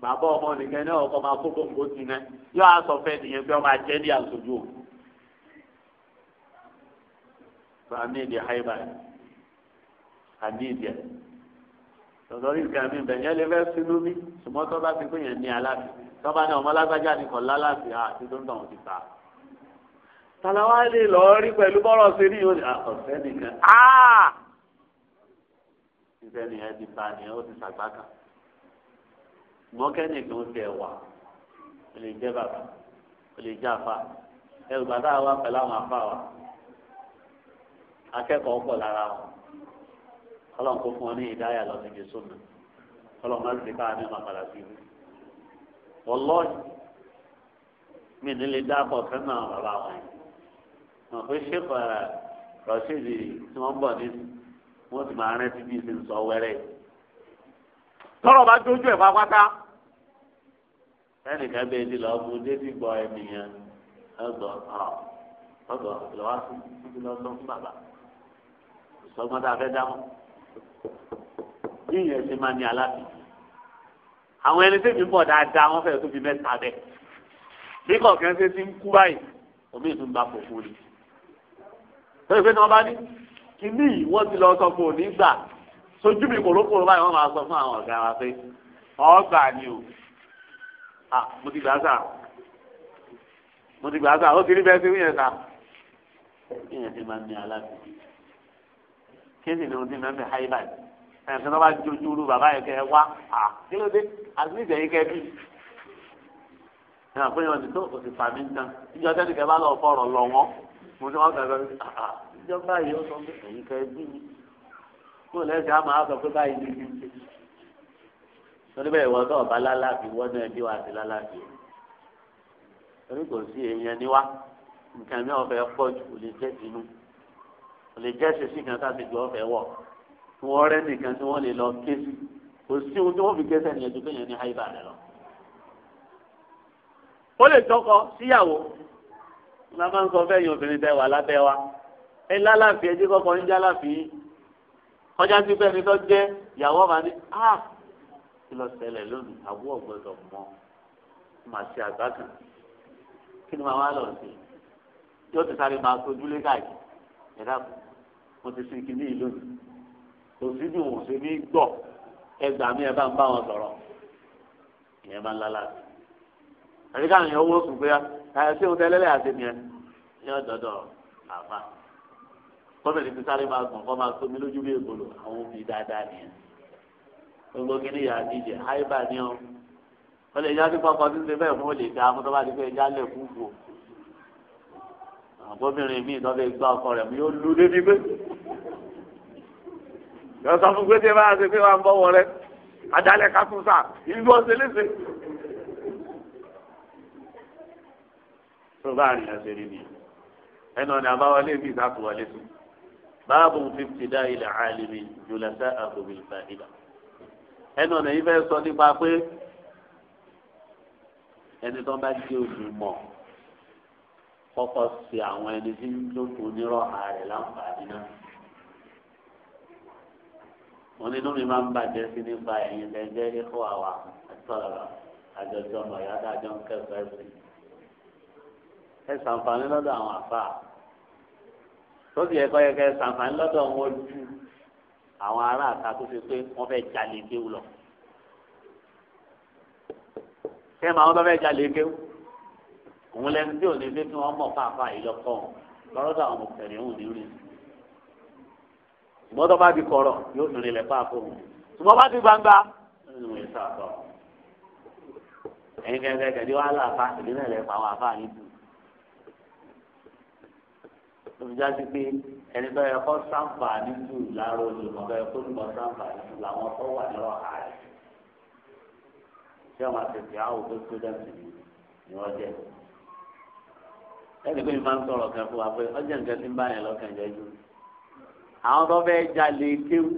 bàbá ọmọ nìkan náà ọkọ máa kó gbòǹgbò sí iná yóò á sọ fẹ́ nìyẹn pé ọmọ ajẹ́ ní àṣojú o. amíìdì haiba amíìdì ẹ̀ tọ̀tọ̀rí nǹkan mi bẹ̀ yẹn lè fẹ́ sínú mi ṣùgbọ́n tó bá ti pé yẹn ní aláfi tó bá ní ọmọ lágbájá ni kàn láláfi àti tó ń tàn ti ta. tàlàwá lè lọ rí pẹ̀lú bọ́rọ̀ sí ní ìhòòhò ọ̀sẹ̀ nìkan. ìfẹ́ nìyẹn ti ba nìyẹn ó ti ṣàgbá kan mọ́kẹ́nì kí wọ́n tẹ̀ wá ó lè jẹ́ bàbá ó lè jẹ́ àfa ẹrù bàtà wa pẹ̀lú àwọn afa wa akẹ́kọ̀ọ́ pọ̀ lára wọn ọlọ́run kó fún ọ ní ìdáyà lọ síbi sómi ọlọ́run má ti káà ní ọmọ padà sí ibi wọlọ́ọ̀yì mi ní lè dáàbọ̀ fẹ́mi àwọn bàbá wọn yìí wọn pé ṣèkọ̀ rọ̀ṣídì tí wọ́n bọ̀ ní wọ́n ti máa rántí bí ìsìn wẹ́rẹ́ yìí tọrọ bá dójú ẹ̀ pápátá ẹnìkan bẹ́ẹ̀ ti lọ bu débi gbọ́ ẹni yẹn ọgbọ́ ọgbọ́ síbi lọ́sọ̀ fún bàbá ìsọgbọ́n tá a fẹ́ dáhùn yíyan ẹsẹ̀ máa ní aláàbì àwọn ẹni tẹ́bi ń bọ̀ dáadáa wọ́n fẹ́ẹ́ tó mẹ́ta bẹ́ẹ̀ bí kọ̀ọ̀kan ṣe ti ń kú báyìí omi ìtún bá fòfò ni lórí pé tí wọ́n bá ní kíní yìí ti lọ sọ fún òní gbà sojú mi kòrókòrò báyìí wọ́n máa sọ fún àwọn ọ̀gá wa pé ọgbà ni o mo ti gbà sà mo ti gbà sà ó ti rí bẹ́ẹ̀ sí wíyẹn sà ìyẹn ti máa ń ní aláàbò kéèsì ni mo ti mẹ́mẹ́ háìbà ẹ̀sìn náà bá jojú olú bàbá yẹn kẹ́ ẹ wá à kí ló dé àti ní ìjẹ́yìn kẹ́ bí ẹ̀ àpéyọ̀ ní tó òsì fàmí ń tán ìjọ tẹ́lifẹ̀ bá lọ fọ̀rọ̀ lọ wọ́n mo ti wọ́n kẹ́ sọ ìjọba yìí ó sọ pé ẹ̀yìn kẹ́ bí mi kó lẹ́sẹ̀ á máa sọ pé báyìí ní kí n ṣe. torí bẹ́ẹ̀ wọ́n náà bá lálàbí wọ́n náà bí wàá ti lálàbí o. torí kò sí èèyàn níwá nǹkan mi ọ̀fẹ́ pọ̀ jù kò lè jẹ́ sínú kò lè jẹ́ ṣe sí kan sáfi ju ọ̀fẹ́ wọ̀ kí wọ́n rẹ́ nìkan tí wọ́n lè lọ ké sí kò sí ohun tí wọ́n fi ké sẹ́ni ẹ̀dùn kéèyàn ní háìbà rẹ̀ lọ. ó lè tọkọ síyàwó la máa ń sọ fẹ́yìn obìnrin bẹ́ẹ̀ wà lábẹ́ wa ẹ lálàáfíà ẹjẹ́ kọ́kọ́ kọjá sí bẹ́ẹ̀ ni tó jẹ́ ìyàwó máa ní a ah, kí lọ ṣẹlẹ̀ lónìí àbú ọ̀gbọ́dọ̀ mọ́ màá ṣe àgbá kan kí ni màá wá lọ sí yóò ti sáré máa tó dúlé káàkiri ẹ̀dá mo ti sin kìíní ìlú kò sí bí òun ṣe ní gbọ́ ẹgbà mi ẹ bá ń bá wọn sọ̀rọ̀ ìyẹn bá ń lálá sí àti káwọn èèyàn owó sùn pé ẹ ah, ṣé tẹ́lẹ́lẹ́ àti mi ẹ yóò dọ́dọ̀ àfà kọ́sẹ̀ ní sísáré máa gbọ̀n kọ́ máa tómi lójú bí ègbòlò àwọn obì dáadáa nìyẹn gbogbo kìíní yà á díje àyíbá ni ọ wọ́n lè yájú kọ́kọ́ tí ń ṣe bẹ́ẹ̀ fún olè dá fún tọ́ba ti fẹ́ ẹja lẹ̀ fún fò àbóbìnrin mi ìtọ́ fẹ́ gbá ọkọ rẹ̀ mi yóò lu débi pé yọ sọ fún pé tí ẹ bá ṣe pé wà ń bọ̀wọ̀ rẹ adalẹ̀ ká tún sà ìlú ọ̀sẹ̀ léṣe. tó bá àrìyàn ṣe rí nìyẹn ẹnu ọ̀nà àbáwọlé bí ìsàkùwọlé sùn báàbù fífi dá ilẹ̀ àlìmí jùlẹ̀sẹ̀ àbòbí ìfàdílà. ẹnu ọ̀nà yìí fẹ́ sọ nípa pé ẹni tó ń bá jẹ́ olùmọ̀ kọ́kọ́ sí àwọn ẹni tí ń lókun nírọ̀ ààrẹ láǹfààní náà. wọn nínú mi máa ń bàjẹ́ sí nípa ẹ̀yin lẹ́jẹ́ ẹ̀kọ́ àwa àtọ́lára àjọjọ́ ọmọ ìyá dájọ́ ń kẹ́kọ̀ọ́ ẹ̀sìn. ẹ lọ́dọ̀ àwọn àfáà tó sì yẹ yẹ kẹ́ sàǹfààní lọ́dọ̀ wọn ju àwọn ará àta tó fi pé wọ́n fẹ́ jalè kéwù lọ. kẹ́ wọn tó fẹ́ jalè kéwù òun lẹni tí ò ní fi kí wọ́n mọ̀ fáfá yìí lọ́kọ́ àwọn ọmọkùnrin òun ní rí ṣùgbọ́n bá di kọ̀rọ̀ yóò tún rí lẹ́pà fún un bá di gbangba ẹ̀yin kẹ́kẹ́ kẹ́kẹ́ ni wàhálà àfa ìdílé lẹ́pà àwọn àfa yìí dùn tóbi pé ẹni bá yẹ kó sàǹfààní jù láàárọ̀ olùmọ̀ bá yẹ kó lùmọ̀ sàǹfààní jù làwọn tó wà ní ọ̀hà rẹ̀ tí wọ́n ti àwọn òkú sódẹ́ǹtì ni wọ́n jẹ́ ẹni pé mi máa ń sọ̀rọ̀ kan fún wa pé ọjọ́ nǹkan ti ń bá yẹn lọ́kàn jẹ́ jù àwọn tó fẹ́ jalè kéwù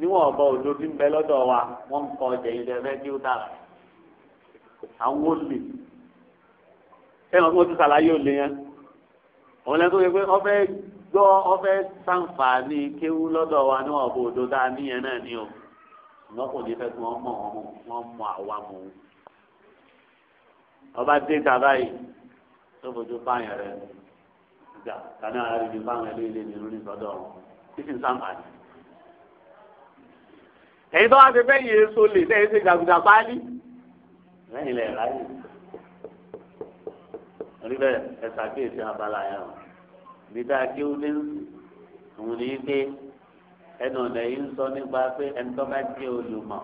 níwọ̀n ọ̀bọ òdo tí ń bẹ lọ́dọ̀ wa wọ́n ń kọ òun lẹ́tọ́ yẹ pé ọbẹ̀ gbọ́ ọbẹ̀ sàǹfààní kéwú lọ́dọ̀ wa ní ọ̀bọ òdo dáa níyẹn náà ni o ṣùgbọ́n kò ní fẹ́ kí wọ́n mọ̀ wọ́n mọ̀ wọ́n mọ̀ àwa mọ̀ o. ọba dé ta báyìí tó fojú fáyàn rẹ gbà tani ara ní fáwọn ẹlẹ́yìn nínú ní sọ́dọ̀ títí sàǹfààní. ẹ̀yin tó wá ti fẹ́ yẹ so tẹ́ ẹ ṣe jàgùdà páálí lẹ́yìn lẹ́yìn láyé torí bẹ́ẹ̀ ẹ ṣàkíyèsí abala yẹn o bídà kíúdé òun ní pé ẹnu ọ̀nà yìí ń sọ nípa pé ẹni tó bá jẹ́ olùmọ̀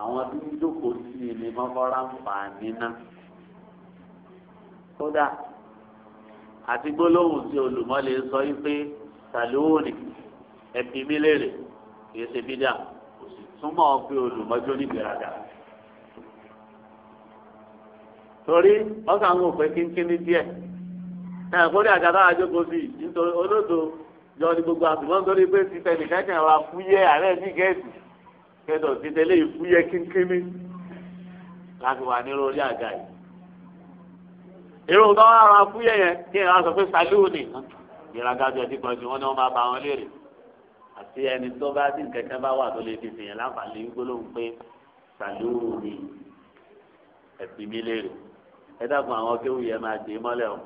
àwọn tó ń jókòó sí i ní mọ́kànlá ń fà nínà kódà àti gbólóhùn tí olùmọ̀ lè sọ yìí pé sàlóòrì ẹ̀bí mi lérè kì ṣe bídà kò sì túmọ̀ pé olùmọ̀ jó nígbèrágà torí ọkàn àwọn òpin kínkínní díẹ̀ ẹ̀ kórè àgàdá àjókòó sí nítorí olóòtú jọ ní gbogbo àtùmọ̀ nítorí pé ti tẹ̀lé kẹ́kẹ́ ra fúyẹ́ àárẹ̀ ní gẹ̀ẹ́sì kẹ́tọ̀ ti tẹ̀lé ìfúyẹ́ kínkínní láti wà ní orí àga yìí. èrò tó wá ra fúyẹ́ yẹn kí ẹ̀ wá sọ pé sàlúù ni ìràgàjọ ti pọ̀ jù wọ́n ní wọ́n máa bá wọn léèrè àti ẹni tó bá dín kẹ̀kẹ́ bá wà tó lè fi fìyàn láǹfààní gbólóhùn pé sàlúù ni ẹ̀sìn mi léèrè ẹ àwọn kéwù yẹn máa dé mọ́lẹ̀ o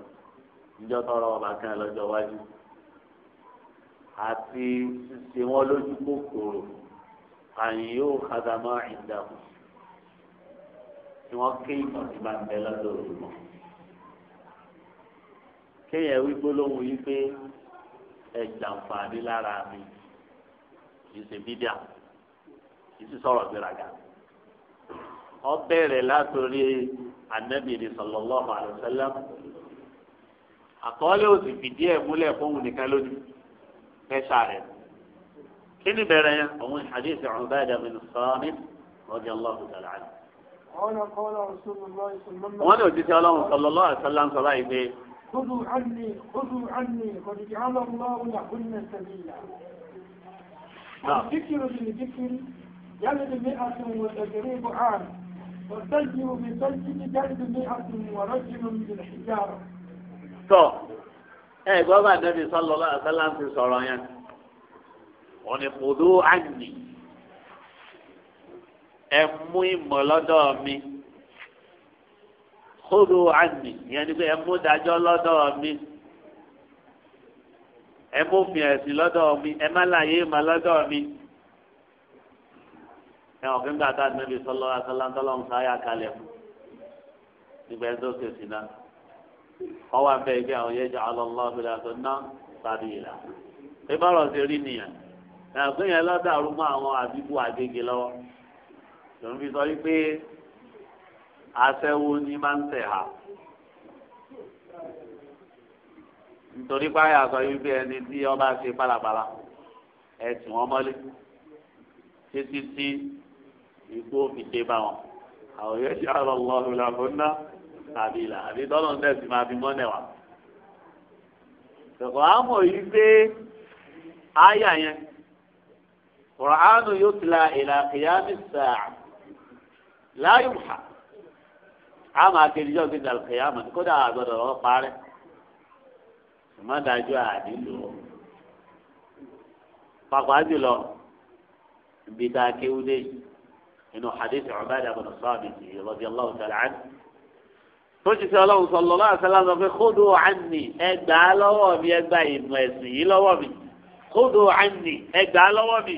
níjọ́ tọrọ ọba kan lọ́jọ́ iwájú àti ṣe wọn lójú kòkòrò àyìn yóò kàdámọ́ ìdáhùn tí wọ́n ké ìmọ̀ tí bá ń bẹ lọ́dọ̀ olùmọ̀ kéèyàn wí gbólóhùn yìí pé ẹ jàǹfààní lára mi kì í ṣe bídíà kì í sì sọ̀rọ̀ gbéraga ọ bẹ̀rẹ̀ látòrí anabi ni sallallahu alayhi wa sallam àkọọ́lẹ̀ òsì fìdí ẹ̀ múlẹ̀ fóun nìkan lónìí fẹ́ṣà rẹ̀ kí ni bẹ̀rẹ̀ yẹn àwọn hadith Ubadah bin Samit radiyallahu ta'ala anhu. wọ́n ní òjíṣẹ́ ọlọ́run sallallahu alayhi wa sallam sọ báyìí pé. خذوا عني خذوا عني قد جعل الله لهن سبيلا. الذكر بالذكر يلد مئة وتجريب عام والسيء بالسيء كلب مئة ورجل بالحجارة. tọ́ ẹ gbọ́ bá nẹ́bí sọ́lọ́ lọ́sọ́lá ń fi sọ̀rọ̀ yẹn wọ́n ní kùdú ànyì ẹ mú ìmọ̀ lọ́dọ̀ mi kùdú ànyì yẹn ni pé ẹ mú dájọ́ lọ́dọ̀ mi ẹ mú fìyẹ̀sì lọ́dọ̀ mi ẹ má láyé ìmọ̀ lọ́dọ̀ mi ẹ wọn fi ń gbà tá àdínẹ́bí sọlọ asọlántọ́lọ́ ń sáyà kalẹ̀ fún nígbà ẹjọ́ kẹsì náà wọ́n wá bẹ́ẹ̀ bí àwọn yẹn jẹ́ alọ́lọ́bìlà tó ná tàbí ìlà pé bọ́rọ̀ ṣe rí nìyẹn ẹ̀kún yẹn lọ́dọ̀ àrùn mọ́ àwọn àbíkú àgègè lọ́wọ́ lòun fi sọ wípé aṣẹ́wó ni máa ń tẹ̀ ha nítorí páyà sọ wípé ẹni tí ọba ṣe pálapàla ẹ̀ tì wọ́n mọ́lé títí igbó fi dé bá wọn àwọn yẹn ṣe àrọ lọrùn làbọn náà tàbí ìlà àbí tọ́lọ̀ ń tẹ̀sí máa fi mọ́nẹ̀ wá. ṣùgbọ́n a mọ̀ yìí pé àyà yẹn Kùránù yóò tila ìlà kìyàmì sàá láyé wà á máa kéde jọ́ kí dàlù kìyàmì kódà àgbọ̀dọ̀ ọ̀ parẹ́ ìmọ̀dájọ́ àdìlò pàpà jùlọ ibi tá a kéwú dé nínú hadith Ubadah bin Samit radiyallahu ta'ala anhu tó ti sọ ọlọ́run sọ lọ́lá àṣàlá sọ pé kódò àní ẹgbà lọ́wọ́ mi ẹgbà ìmọ̀ ẹ̀sìn yìí lọ́wọ́ mi kódò àní ẹgbà lọ́wọ́ mi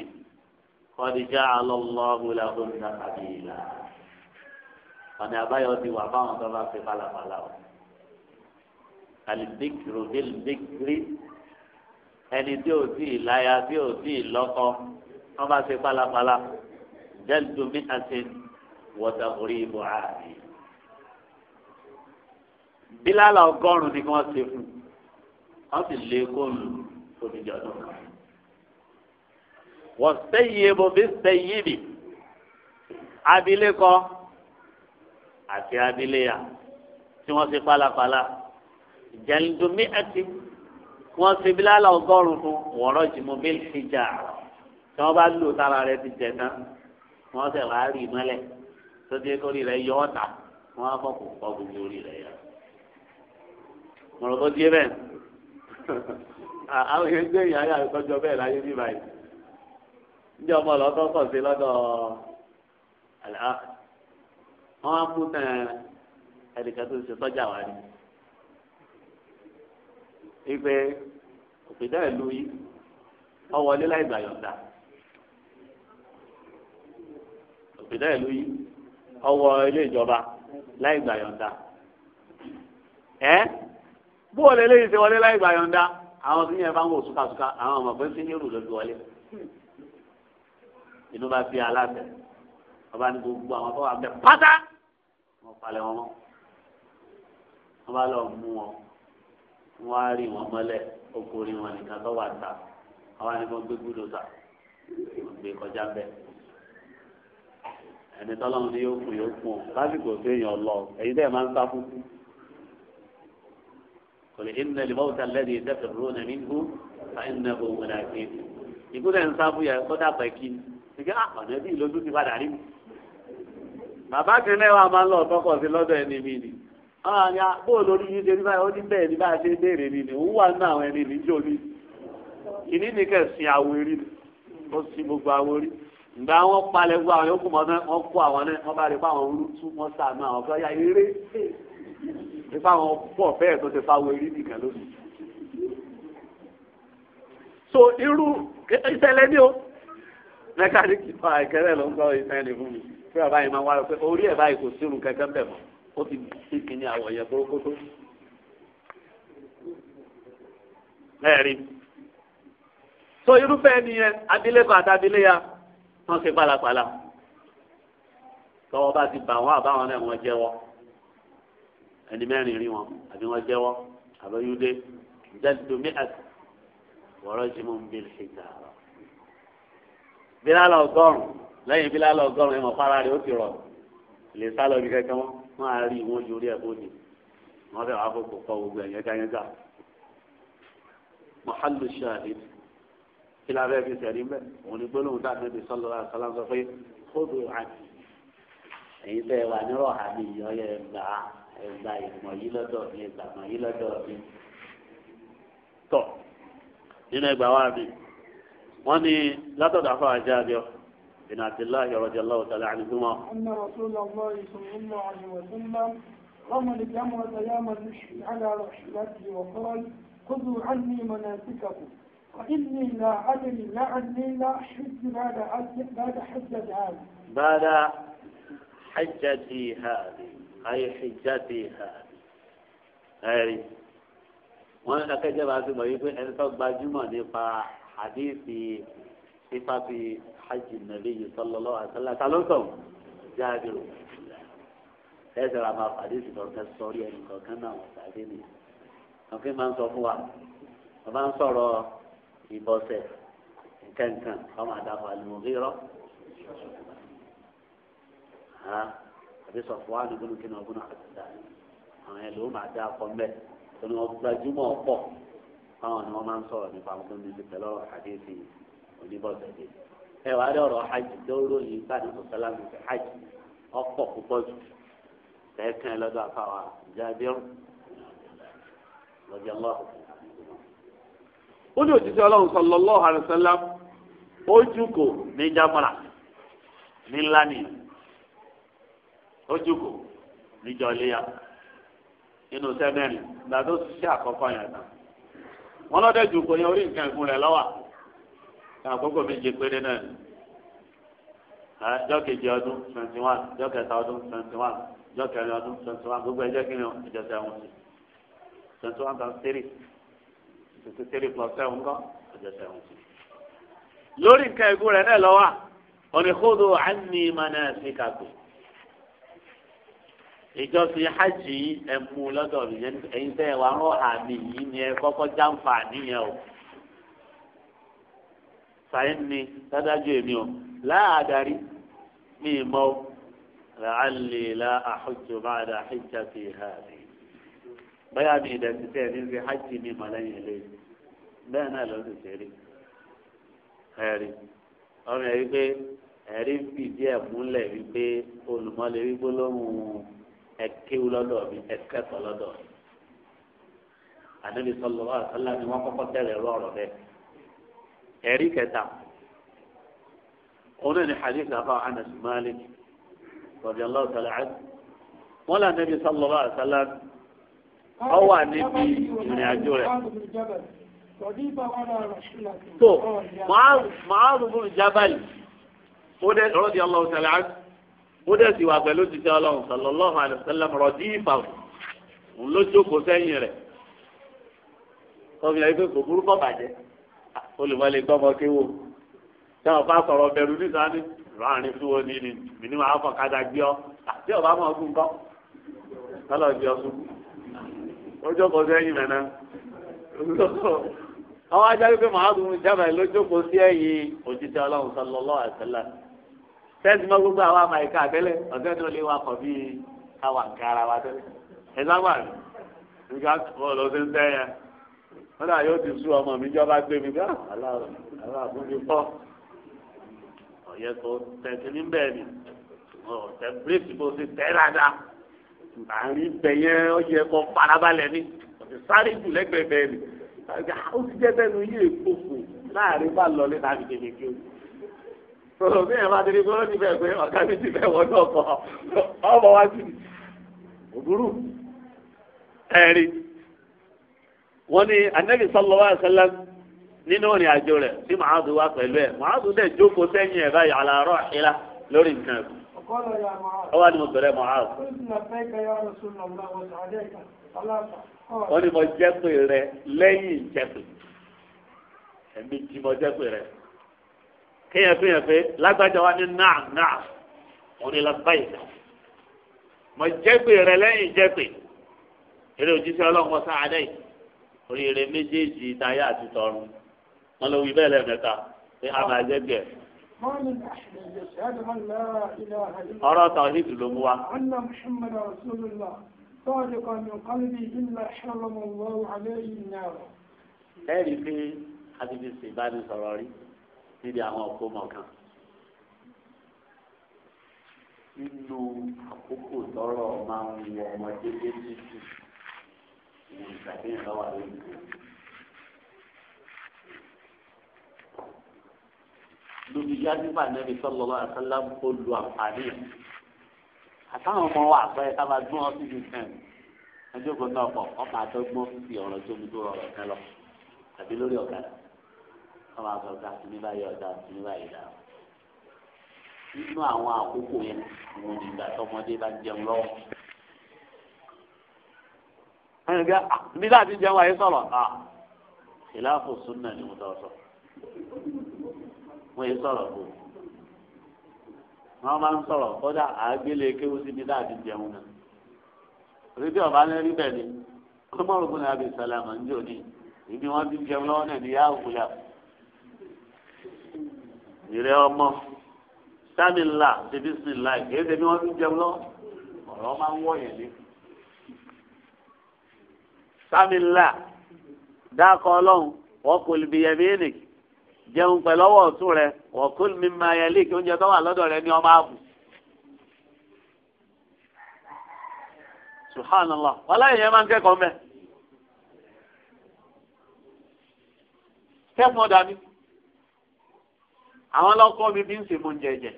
kọ́díjà alọ́lọ́hùn làwọn ní àbí ìlà ọ̀nà àbáyọ ti wà fáwọn tó bá fi falafala o alìdíkìrò délìdíkìrì ẹni tí ò tí ì láya tí ò tí ì lọ́kọ wọ́n bá fi falafala jẹ́lu mi àti wọ́dàbọ̀rí ibò ààrẹ. bílálà ọgọ́rùn-ún ni wọ́n ṣe fún wọ́n sì lé kóòlù òdìjọ́ ọdún kan. wọ́n sẹ́yìn ebo bí sẹ́yìn bì abilékọ àti abiléya tí wọ́n ṣe pálapàla jẹ́lu mi àti wọ́n ṣe bílálà ọgọ́rùn-ún fún wọ́rọ́ jìmọ̀ bíl hijà tí wọ́n bá lò tára rẹ̀ ti jẹ̀ náà wọ́n sẹ̀ wá rí mọ́lẹ̀ tó dé kórì rẹ̀ yọ ọ̀tà wọ́n á fọ́kù gbogbo orí rẹ̀ yọ. mọ̀rọ̀ tó dé bẹ́ẹ̀ [laughs] àwọn èèyàn gbé yàrá ìtọ́jú bẹ́ẹ̀ láyé bí báyìí ní ọmọ lọ́tọ́ kọ̀ sí lọ́dọ̀ àlá wọ́n á mú tẹ̀ ẹnìkan tó ṣe sọ́jà wá ní. ipe òpìdá ìlú yìí ọ wọlé láì gbà yọ̀ǹda. ìpínlẹ̀ ìlú yìí ọwọ́ ilé ìjọba láì gbà yọ̀ǹda ẹ́ bó o lè léyìí ṣe wọlé láì gbà yọ̀ǹda àwọn tí yẹn bá ń wò súkasúka àwọn ọmọ pé sí ní rù lójú wọlé inú bá fi aláṣẹ ọba ní gbogbo àwọn tó wà bẹ pátá wọn palẹ̀ wọn mọ́ wọn bá lọ mú wọn wọn á rí wọn mọ́lẹ̀ okòrin wọn nìkan tó wà ta àwọn àníkàn gbé gbúdọ̀ wọn gbé kọjá bẹ́ẹ̀ ẹni tọ́lọ́run ni yóò kù yóò kù lásìkò tó èèyàn lọ èyí tẹ́ ẹ̀ máa ń sá fún kú. kò lè ní ẹni bọ́ọ̀tà lẹ́ni ìdẹ́fẹ̀ rúró nà nínú fàìnà òun là kí. ìkú tẹ̀ ń sá fún yẹn kó dàpẹ́ kí ni. ṣìkẹ́ àpàdé ah, bí ìlójú ti padà rí mi. bàbá kan náà wà máa ń lọ tọkọ sí lọ́dọ̀ ẹni mi ni. ọ̀hún ah, bó lórí yìí ṣe ní ìgbà wọn palẹ̀ gbọ́ àwọn yòókù mọ́ náà wọ́n kó àwọn náà wọ́n bá rí fáwọn olùtú wọ́n sàánú àwọn kan yá eré rí fáwọn pọ̀ bẹ́ẹ̀ tó ti fáwọn eré nìkan lónìí. so irú ìṣẹ̀lẹ̀ ni o mẹkáníìkì fún àìkẹ́rẹ́ ló ń gbọ́ ìṣẹ̀lẹ̀ fún mi fún bàbá yìí máa wá pé orí ẹ̀ báyìí kò sírun kankan bẹ̀ mọ́ ó ti di kíní àwọ̀ yẹn kórókótó. ẹ̀rí so irúfẹ́ ni yẹn abilékọ àtàbíléya wọ́n ṣe pálapàla tọ́wọ́ bá ti bà wọ́n àbáwọn náà wọ́n jẹ́wọ́ ẹni mẹ́rin rí wọn àbí wọ́n jẹ́wọ́ àbẹ́yúdé jẹ́dùmí àti wọ́rọ́ jí bí lè gbà rọ. bílálà ọgọ́rùn-ún lẹ́yìn bílálà ọgọ́rùn-ún ẹ̀mọ̀ fara rẹ̀ ó ti rọ̀ lè sá lọ bí kẹ́kẹ́ wọn wọ́n á rí wọn yorí ẹ̀ bóni wọ́n fẹ́ wàá fọ́ kọ́ gbogbo ẹ̀yẹ́gáyẹ́gá. mọ̀hálù ṣáà kí la fẹ́ fi sẹ̀rí mẹ́ òun ni gbólóhùn tá a nẹ́bi sọ́lọ́ la sọ́lá sọ pé kódò àti èyí tẹ́ wà nírọ̀ àmì ìyọ́yẹ ẹgbà ẹgbà ìmọ̀ yìí lọ́dọ̀ mi ẹgbà mọ̀ yìí lọ́dọ̀ mi tọ̀ nínú ẹgbà wa mi wọ́n ní látọ̀dọ̀ afọ àjẹ́ abíọ́ bin abdullahi radiyallahu ta'ala anhuma. anna rasulullah sallallahu alaihi wa sallam رمى الجمرة يوم النشر على رحلته وقال خذوا عني مناسككم فإني لا أدري لأني لا أحج بعد بعد حجة هذه بعد حجتي هذه أي حجتي هذه أي wọ́n ní akẹ́jẹ́ bá ti mọ̀ yí pé ẹni tó gbajúmọ̀ nípa hadithi nípa fi hajj nàbí yìí sallallahu alaihi wasallam talóńtọ̀ jáde rò ẹsẹ̀ ra máa hadithi kọ̀ọ̀kan sọ̀rí ẹnì kọ̀ọ̀kan náà wọ́n sáré nìyẹn. wọ́n máa ń sọ fún wa wọ́n ń sọ̀rọ̀ ìbọ̀sẹ̀ nkankan ọmọ àdàpọ̀ àlùmọ̀gírọ̀ ó ní òjijì ọlọ́run sallallahu alaihi wasallam ó jùkò ní jámọ́ra ní ńlá ni ó jùkò níjọ léyà nínú sẹ́mẹ́rin ìgbà tó ṣiṣẹ́ àkọ́kọ́ yẹn tán wọn lọ́dẹ̀ jùkò yẹn orí nǹkan ìfún rẹ̀ lọ́wà àkókò méje péré náà jọ́ kejì ọdún twenty one jọ́ kẹta ọdún twenty one jọ́ kẹrin ọdún twenty one gbogbo ẹjẹ́ kí ni ìjọsìn àwọn sí twenty one times three sixty three plus seven kan ọjọ́ seventy. lórí nǹkan ẹ̀gún rẹ̀ náà lọ́wọ́ ọ̀nìkóòdù àmì ìmọ̀nà ẹ̀sìn kàgbé. ìjọsìn hajj ẹ mú lọ́dọ̀ mi ẹ̀yin tẹ́ ẹ wà ń rọ àmì yìí ni ẹ kọ́kọ́ jáǹfà níyẹn o. sàyẹn ni dádájú èmi o láàdárí mi mọ́ o. làálì làáhùjù máa dà hijjati hàbí. báyà mi ìdẹ̀sítẹ́ ní fi hajj mi mọ̀ lẹ́yìn eléyìí bẹ́ẹ̀ náà ló sì ṣe rí ẹ̀rí ọmọ yẹn wípé ẹ̀rí fìdí ẹ̀ múlẹ̀ wípé olùmọ̀lẹ̀ wípé lóhùn ẹ̀kéwù lọ́dọ̀ mi ẹ̀kẹ́kọ̀ọ́ lọ́dọ̀ mi ànábi sọlọ wà sọlá ni wọ́n kọ́kọ́ tẹ̀lé rọrọ̀ bẹ́ẹ̀ ẹ̀rí kẹta òun náà ni hadith afa anas malik radiyallahu ta'ala anhu wọn là ànábi sọlọ wà sọlá ọ wà níbi ìrìn àjò rẹ̀ tó Mu'adh bun Jabal ó dẹ́ radiyallahu ta'ala anhu ó dẹ̀ sì wà pẹ̀lú títí ọlọ́run sallallahu alaihi wasallam rọ̀dí ìfàwọ̀ òun ló jókòó sẹ́yìn rẹ̀ kọ́mìnà yìí pé kò burú bàjẹ́ olùmọ̀lẹ́ gbọ́mọ kéwò táwọn bá sọ̀rọ̀ bẹ̀rù níta ní láàrin fún wọn nínú mi ní wàá fọ kájà gbé ọ àti ọba máa gún bọ́ lọ́lọ́ gbé ọ ó jókòó sẹ́yìn mẹ́ná àwọn ajá wípé màádùn ń jábà lójókòó sí ẹ̀yìn òjijì ọlọ́run sọlọ́lọ́ àtẹ́lá tẹ́sí mọ́ gbogbo àwọn àmàìka àtẹ́lẹ̀ ọ̀sẹ̀ tó lé wa kọ̀ bí káwa ń kára wa tẹ́lẹ̀ ẹ sábà nígbà wọn lọ sí ń tẹ́yẹ wọn náà yóò ti sú ọmọ mi jọba gbé mi bí aláàbò mi pọ̀ ọ̀yẹ́ kò tẹ̀sí ní bẹ́ẹ̀ ni ọ̀tẹ̀ bírèkì bó ti tẹ́ dáadáa àárín bẹ̀yẹn ọ̀yẹ́ kò farabalẹ̀ ni ọ̀tẹ̀ sáré jù lẹ́gbẹ̀ẹ́ bẹ́ẹ̀ ni ó ti jẹ́ bẹ́ẹ̀ nu yé èkófò láàrin bá lọ lé tàbí kéde kí o. sọ̀rọ̀ bí ẹ̀ máa tẹ̀lé pé ó ní bẹ́ẹ̀ pé ọ̀gá mi ti bẹ́ẹ̀ wọ́n náà kọ́ ọmọ wa sí òbúrú ẹ̀rí. wọ́n ní anabi sallallahu alaihi wasallam nínú ìrìn àjò rẹ̀ tí màádùn wá pẹ̀lú ẹ̀ màádùn dẹ̀ jókòó sẹ́yìn ẹ̀ báyìí àlàárọ̀ ìlà lórí nǹkan ẹ̀kọ́. ọwọ́ ni mo bẹ̀rẹ̀ màádùn wọ́n ní mo jẹ́ pé rẹ lẹ́yìn ìjẹ́pè ẹ̀mí jí mo jẹ́ pé rẹ kéèyàn fi hàn pé lágbájá wa ní náà náà wọ́n ní lábáyé náà mo jẹ́ pé rẹ lẹ́yìn ìjẹ́pè eré òjíṣẹ́ ọlọ́run ọ̀sán adé oríire méjèèjì táyà àti tọrùn wọn lọ wí bẹ́ẹ̀ lẹ́ẹ̀mẹ́ta pé a máa jẹ́ bẹ́ẹ̀. ọ̀rọ̀ tàwọn ìdùnnú wa. صادقا من قلبي إلا حرم الله عليه النار ẹ̀rí pé adìbí sì bá ní sọ̀rọ̀ rí níbi àwọn ọkọ mọ̀kan nínú àkókò tọrọ máa ń wọ ọmọdé létí jù ní ìgbàdéyìn lọ́wọ́ lórí lóbi jáde bá nẹ́bí sọ́lọ́lá àtàlámù ó lu àǹfààní àtàwọn ọmọ wa àpẹẹrẹ ká máa gbọ́n ọ́fíìsì kan ẹjọ́ kan náà pọ̀ wọ́n tó gbọ́n fi ọ̀rọ̀ tó gbogbo ọ̀rọ̀ kan lọ àbí lórí ọ̀kadà wọ́n máa sọ ká sinmi báyìí ọ̀dà sinmi báyìí dà nínú àwọn àkókò yẹn mo ní ìgbà tọmọdé bá jẹun lọ́wọ́. Ah, bí láti jẹun àyè sọ̀rọ̀ ah, ìlàfọ̀ súnà ni mo tọ́ sọ mo yẹ sọ̀rọ̀ fún wọn máa ń sọ̀rọ̀ kódà àgbélé kéwú síbi tá a ti jẹun náà rídíò ọba ń rí bẹ́ẹ̀ ni ọmọrùn fún nàbì sàlámà ń jò ní ibi wọn ti jẹun lọ́wọ́ náà ní yáà wúlà ìrẹ ọmọ sami ńlá ti bisimilá kìí ṣe bí wọn ti jẹun lọ ọ̀rọ̀ máa ń wọ̀nyẹn ní. sami ńlá dákọ ọlọ́run wọ́n kò lè bìyẹ̀mí ẹnìkì jẹun pẹ̀lú ọwọ́ ọ̀tún rẹ wọ̀kún mi máa yẹ léèkì oúnjẹ tó wà lọ́dọ̀ rẹ ní ọmọ àbù. subhanallah wàhálà yẹn máa ń kẹ́kọ̀ọ́ mẹ́. kẹ́kọ̀ọ́ dání àwọn ọlọ́kọ́ mi bí ń sè mú oúnjẹ jẹ.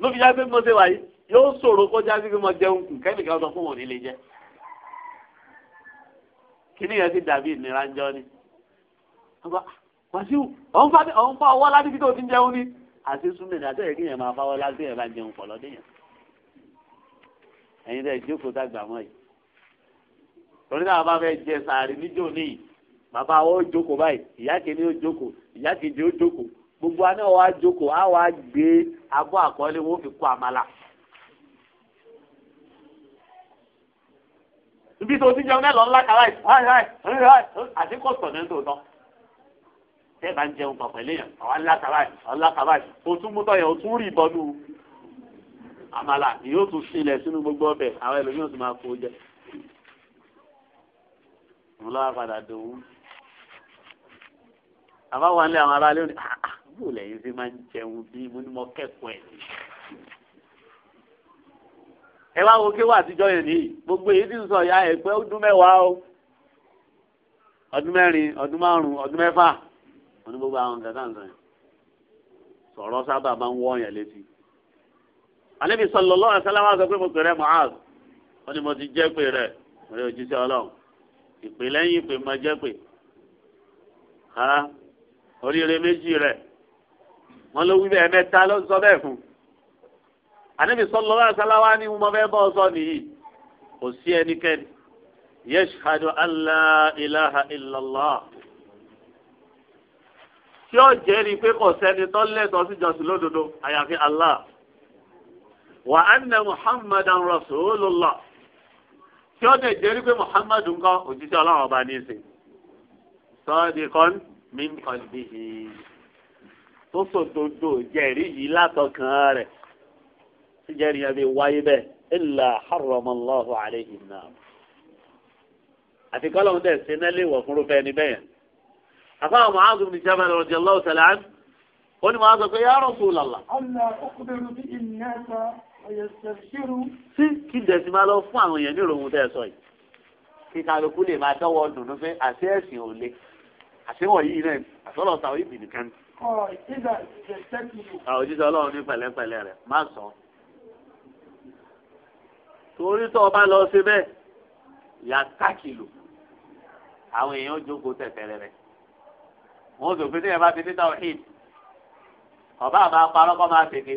ló fi já pé mo ṣe wáyé yóò ṣòro kó já sí mo jẹun kù kẹ́nìkan sọ fún wọn nílé jẹ́. Kini yẹn ti dàbí ìnira ń jọ ni. wàṣíù ọ̀hún fa ọ̀hún fa ọwọ́ láti kíkọ́ ti ń jẹun ni àti súnmọ́ ní àtẹ̀yẹ kí yẹn máa fáwọ́ láti yẹn bá ń jẹun pọ̀ lọ́dún yẹn. ẹ̀yin dẹ̀ jókòó dàgbà mọ́ yìí. torí náà bá fẹ́ jẹ sàárì níjó níyì bàbá wa ó jókòó báyìí ìyá kìíní ó jókòó ìyá kejì ó jókòó gbogbo àná wa jókòó á wa gbé abọ́ àkọọ́lẹ̀ wọn ó fi kó àmàlà. ibi tó ti jẹun mẹ́lọ̀ ńlá kàrá yìí àti kò sọ̀dọ̀ nítòótọ́ tẹ́ bá ń jẹun pọ̀ pẹ̀lú èèyàn àwọn ńlá kàrá yìí ńlá kàrá yìí o tún mú tọ̀yẹ̀ o tún rí ìbọnú àmàlà yóò tún sílẹ̀ sínú gbogbo ọbẹ̀ àwọn ẹlòmíràn tún máa kó jẹ. mo lọ́wọ́ padà dòwú àbáwọn ilé àwọn aráalé ní àbúrò lẹ́yìn sí máa ń jẹun bí mo ní mo kẹ́kọ̀ọ́ ẹ wá wo kí wà àtijọ́ yẹn nìyí gbogbo èyí tí ń sọ ìyá ẹ̀ pé ọdún mẹ́wàá o ọdún mẹ́rin ọdún márùn-ún ọdún mẹ́fà wọn ní gbogbo àwọn nǹkan tá à ń sọ yẹn sọ̀rọ̀ sábà máa ń wọ́ yẹn létí. àlebi sọlọ lọ́wọ́ sálámà sọ pé mo pè rẹ Mu'az wọn ni mo ti jẹ́ pé rẹ mo rí òjíṣẹ́ ọlọ́run ìpè lẹ́yìn ìpè mo jẹ́ pé oríire méjì rẹ wọn ló wí bẹ́ẹ̀ mẹ́ta ló ń sọ bẹ́ẹ̀ fún un ànábì sọlọ lọ́wọ́ àṣàláwá ni mo fẹ́ bọ́ sọ nìyí kò sí ẹnikẹ́ni yẹ́ṣáájú allá ilaha illallah tí ó jẹ́rìí pé kò sẹ́ni tó lẹ́tọ̀ọ́ sí jọ́sìn lódodo àyàfi allah wa anna muhammadan rasulullah tí ó dẹ̀ jẹ́rìí pé muhammadu ńkọ́ òjíṣẹ́ ọlọ́run ọba ní í sè sọ́ọ́dì kan min qalbihi tó sòdodo jẹ́rìí yìí látọkàn rẹ̀ tíjẹ́ ni ẹbí wáyé bẹ́ẹ̀ ilà haramallahu alayhi náà. àti kọ́lọ̀ ń dẹ̀ ṣe náà lè wọ̀ fún rúfẹ́ ni bẹ́ẹ̀. àfáà mu'adh ibn jabal radiyallahu ta'ala anhu ó ní mu'adh pé ya rasulallah. ọ̀là ọkùnrin bí ìnáta ọ̀yẹ̀ sẹ̀ṣirù. sí kí n dẹ̀sí máa lọ fún àwọn èèyàn ní ìròhùn tẹ́ ẹ sọ yìí. kí kálukú lè máa dọ́wọ́ dùnú fẹ́ àti ẹ̀sìn òle àtiwọ̀ yìí náà àtọ́lọ́ta ò torí tó o bá lọ sí bẹ́ẹ̀ ìyá kákìlò àwọn èèyàn jókòó tẹ̀tẹ̀rẹ̀ rẹ̀ wọ́n sọ pé tí ẹ bá ti títà ọ̀hìn ọba àmà parọ́ kọ́ máa tètè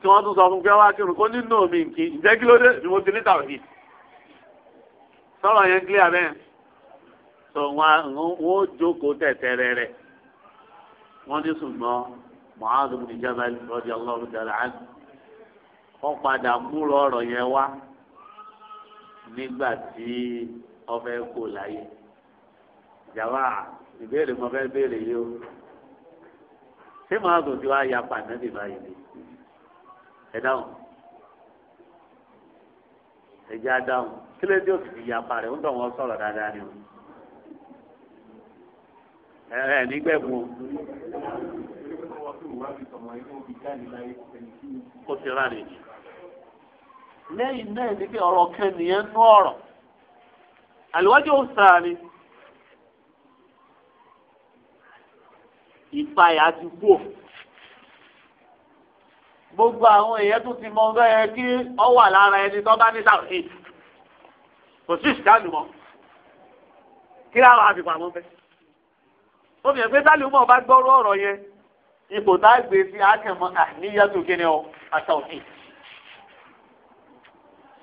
tí wọ́n tún sọ fún pé wá kírun kó nínú mi nkì ǹjẹ́ kí ló dé ni mo ti títà ọ̀hìn sọ̀rọ̀ yẹn clear bẹ́ẹ̀ sọ wọn ó jókòó tẹ̀tẹ̀rẹ̀ rẹ̀ wọ́n ní ṣùgbọ́n Mu'adh bin Jabal radiyallahu ta'ala anhu wọ́n padà ọ̀rọ̀ yẹn wá nígbà tí ọmọ kò láyé jàwá ìbéèrè mo béèrè yìí o ṣé màá gùn tí wàá ya pàdánù báyìí ni ẹ dáhùn ẹ jẹ́ àdáhùn kí ló dé òkè ti ya parẹ́ ń dọ̀ wọ́n sọ̀rọ̀ dáadáa ni o ẹ ẹ nígbẹ̀mú o ti rà nìyí lẹ́yìn náà ní pé ọ̀rọ̀ kan nìyẹn nú ọ̀rọ̀ àlùwájú òsà ni ìpayà ti kú ò gbogbo àwọn èèyàn tó ti mọ ọgbẹ́ yẹn kí ọ wà lára ẹni tó bá ní sàrè kò sí ìsìláàmù mọ́ kí láwọn àfipamọ́ fẹ́ omi ẹgbẹ́ sálíù mọ́ ọba gbọ́rọ̀ ọ̀rọ̀ yẹn ipò tá a gbé sí akẹ́mọ́ àníyàtò kí ni ọ àtàwọn èèyàn.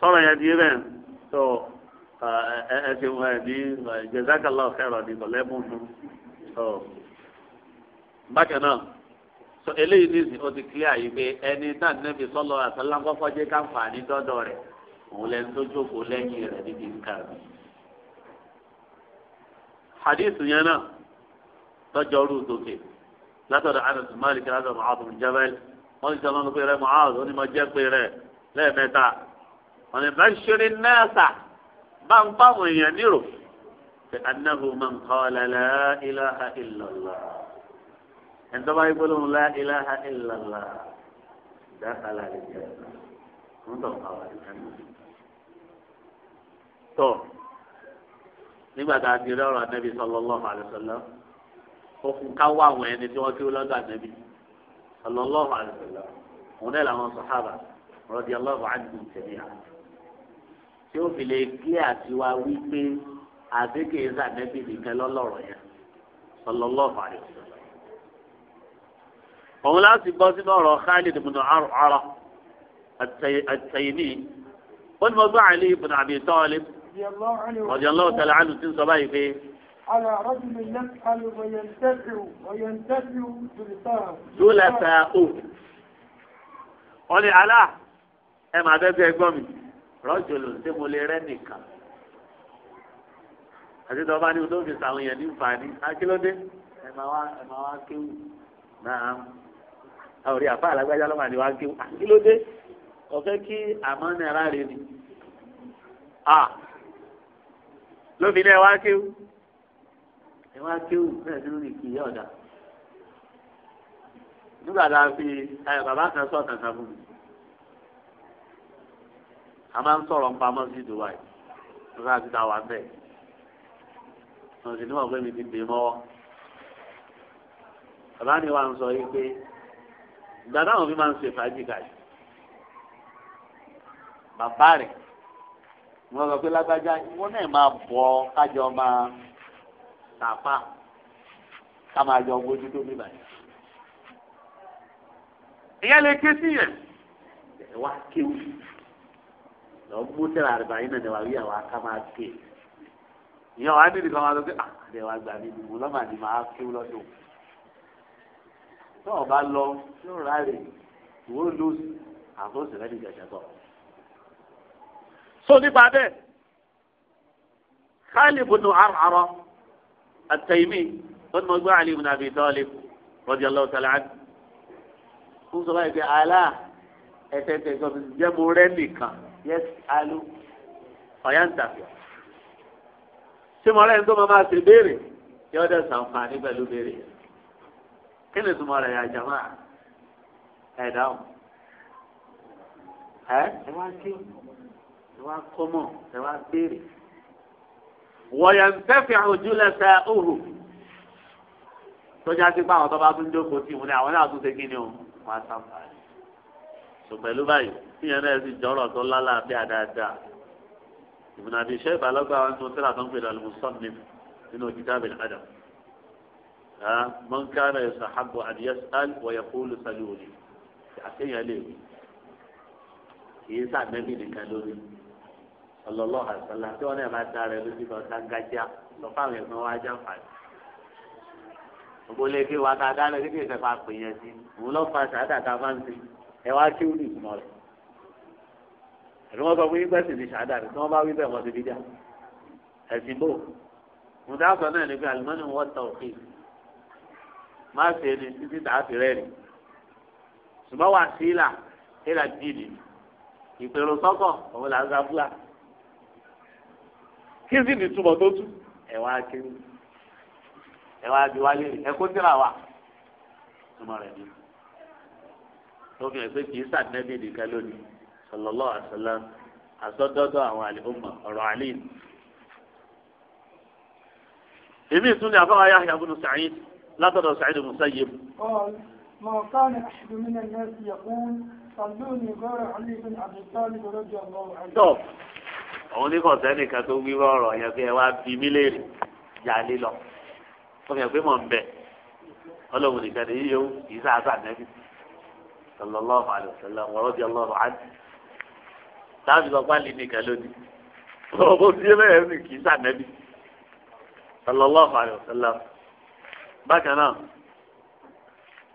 sọ̀rọ̀ yẹn di bẹ́ẹ̀ tó ẹ ṣe wọ́n ẹ̀ ní jẹ́sákàlá ọ̀fẹ́rọ̀ ní so eléyìí n'i ìsìn ti clear yìí pé ẹni náà nẹ́bi sọ́lọ́ àtàlánkọ́fọ́ jẹ́ káǹfààní dọ́dọ̀ òun lẹ́nu tó jókòó níbi nǹkan hadith yẹn náà lọ́jọ́ orú tòkè látọ̀dọ̀ Anas Malik ti sọ pé pé ọ̀nà ìbáṣẹ́rẹ́ náà sà bá ń fáwọn èèyàn nírò pé anáhù máa ń kọ́ lálẹ́ ilaha illallah ẹ̀ńtọ́ bá gbọ́dọ̀ ń la ilaha illallah dákàlà lè jẹ́ ń tọ̀ káwá ìkànnì. tọ́ nígbà tá a ti rí ọ̀rọ̀ anábì sallallahu alaihi wasallam ó fún ká wá àwọn ẹni tí wọ́n kí ó lọ́dọ̀ anábì sallallahu alaihi wasallam òun náà làwọn sàhábà tí ó fi lè gé àtiwá wípé àdékè sàdébì nìkan lọ́lọ́rọ̀ yẹn sallallahu alaihi wasallam. òun láti gbọ́ sínú ọ̀rọ̀ Khalid ibn Ar'ara at-Taymi ó ní mo gbọ́ Ali ibn Abi Talib radiyallahu ta'ala anhu tí ń sọ báyìí pé. على رجل يسأل وينتفع وينتفع جلساءه جلساؤه. wọ́n ní alá ẹ̀ máa bẹ́ẹ̀ bẹ́ẹ̀ gbọ́ mi rọ́jò ló ń tẹ́ mo lè rẹ́ nìkan àti tí wọ́n bá ní odó fi sàwọn èèyàn ní nfààní akílódé ẹ máa wá ẹ máa wá kéwù náà àwọn orí àfa àlágbájá ló máa ní wá kéwù akílódé ọ̀fẹ́ kí àmọ́ náírà rẹ ni à lóbi náà wá kéwù ẹ wá kéwù náà nínú ìkì yá ọ̀dà nígbà tá a fi bàbá kan sọ̀tàn kan fún mi a máa ń sọ̀rọ̀ nípa mọ́sídìí wa yìí nígbà tí ta wà ń bẹ̀. sì ní wọ́n pé mi ti dè mọ́wọ́. bàbá mi wà ń sọ yìí pé ìgbà táwọn fi máa ń ṣe fàájì kàyí. bàbá rẹ̀ wọ́n sọ pé lágbájá ìwọ náà máa bọ̀ kájọ máa tàpá ká máa jọ gbójú tó bí báyìí. ìyá lè ké sí yẹn ẹ wá kéwù lọ mú tẹ̀lé àrùbá yín náà níwájú àwọn akámá ké ìyẹn wàá nídìí kan wá lọ pé àdé ah, wa gbà mí nìbò lọ́mà ni màá ké lọ́dọ̀ tó o bá lọ yóò ráre ìwọ lóòsì àtúnṣe rẹ ní ìjẹ̀jẹ̀ bọ̀. so nípa bẹ́ẹ̀ Khalid ibn Ar'ara at-Taymi wọ́n mọ̀ gbé Ali ibn Abi Talib radiyallahu ta'ala fún sọ báyìí pé alá ẹ̀tẹ̀ẹ̀tẹ̀ gbọ́dọ̀ jẹ́ mo rẹ́ nìkan yẹsì alu ọ̀yá ń tàbí ọ̀. ṣé mọ̀rẹ́ ń tó máa máa ṣe béèrè yóò dẹ̀ sàǹfààní pẹ̀lú béèrè yẹn. kí ni ìtumọ̀ rẹ̀ yà jàmá ẹ̀ dáhùn. ẹ ẹ wá kí ẹ wá kọ́mọ̀ ẹ wá béèrè. wọ̀yà ń tẹ́fẹ̀ ojú lẹ́sẹ̀ òhù. tọ́jà sí pé àwọn tó bá tún jókòó sí ìmúlẹ̀ àwọn náà tún ṣe kí ni o wọ́n á sàǹfààní tó pẹ̀lú báyìí tíyẹn náà sì jọrọ̀ tó lálàáfíà dáadáa ìbùnà àbí iṣẹ́ ìbálọ́gbà wọn tó tẹ́lá tó ń pè lọ lùmùsọ́n ní nínú òjìdá bẹ̀rẹ̀ padà man kana yusahabu an yas'al wa yaqulu saluni àtẹ̀yìn lè wí kìí sàmẹ́bí nìkan lórí ọlọ́lọ́ àṣàlá tí wọ́n náà bá dá rẹ lójú lọ sáńgájá lọ́pọ̀ àwọn ẹ̀gbọ́n wa já wá ká ẹ wá kí ó ní ìtumọ̀ rẹ̀ ẹ̀rọ wọn sọ fún yípa ẹ̀sìn ní ṣáádà rẹ̀ tí wọ́n bá wí bẹ́ẹ̀ wọ́n ti bí dà ẹ̀sìn bò mo dáàbò náà ní pé àlùmọ́nì wọ́n ta òkè má ṣe ni títí tà á fi rẹ̀ ni ṣùgbọ́n wà sí ìlà ìlà dìdì ìpèrò sọ́kọ̀ òun là ń sa fúlà kí sì ní túmọ̀ tó tú ẹ̀ kí ẹ̀ bí wálé ẹ̀ tíra wà túmọ̀ rẹ̀ nìyí tó fi hàn pé kì í sàdínẹ́bì nìkan lónìí sallallahu alaihi wasallam àsọdọ́dọ́ àwọn àlùmọ̀ ọ̀rọ̀ àlìm. èmi ìtúndì àfọwọ́ Yahya ibn Sa'id látọ̀dọ̀ Sa'id Musayyib. ما كان أحد من الناس يقول صلوني غير علي بن أبي طالب رضي الله عنه. طب àwọn oníkọ̀ọ́sẹ́ nìkan tó wíwọ́ ọ̀rọ̀ yẹn pé ẹ wá bí mí léèrè yà á lé lọ. wọ́n pé mọ̀ ń bẹ̀ ọlọ́run nìkan ní yíyó kì í sáà sáà sallallahu alayhi wa sallam wa radiyallahu anhu láti lọ bá lè nìkan lónìí ọ̀bọ̀ tí ẹ bẹ́ẹ̀ sì kì í sànẹ́bí sallallahu alayhi wa sallam bákan náà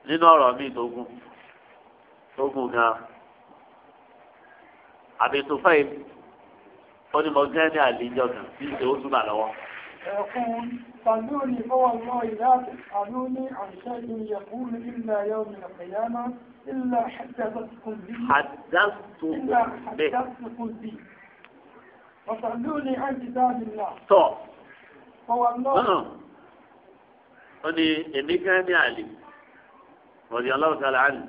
nínú ọ̀rọ̀ mi tógun tógun gan àbètòfẹ́ yìí ó ní mo gẹ́ ní àlejò kan tí ìṣe ó túbà lọ́wọ́. ẹ̀kún sàlúùní fọwọ́ lọ ìlà àlúùní àṣẹ ìyẹ̀kú ní ilẹ̀ ayọ́ mi nàkẹ́yàmá. إلا حدثتكم به حدثتكم إلا حدثتكم به وسألوني عن كتاب الله طب فوالله oni èmi kan ní àlè rọ̀dí ọlọ́ọ̀tàlá àlè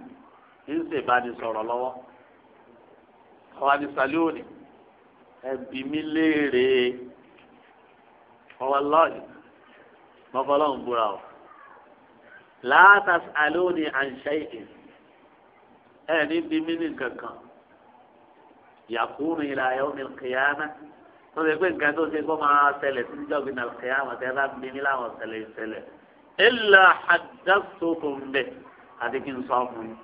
ń ṣe ìbánisọ̀rọ̀ lọ́wọ́ ọwọ́ abisalóòní ẹbí mi léèrè ọwọ́ lọ́ọ̀dì mọ́fọ́lọ́hún búra ọ̀ látàs àlóòní àǹṣẹ́ ìdè ẹ ní bí mílíọ̀nù kankan yàkúrú ilà yawmi al-qiyama tó ṣe pé nǹkan tó ṣe kó máa ṣẹlẹ̀ sí ìjọba ìnà al-qiyama tẹ́ bá bí ní láwọn ṣẹlẹ̀ ṣẹlẹ̀ illa haddathtukum bih àti kí n sọ fún yín.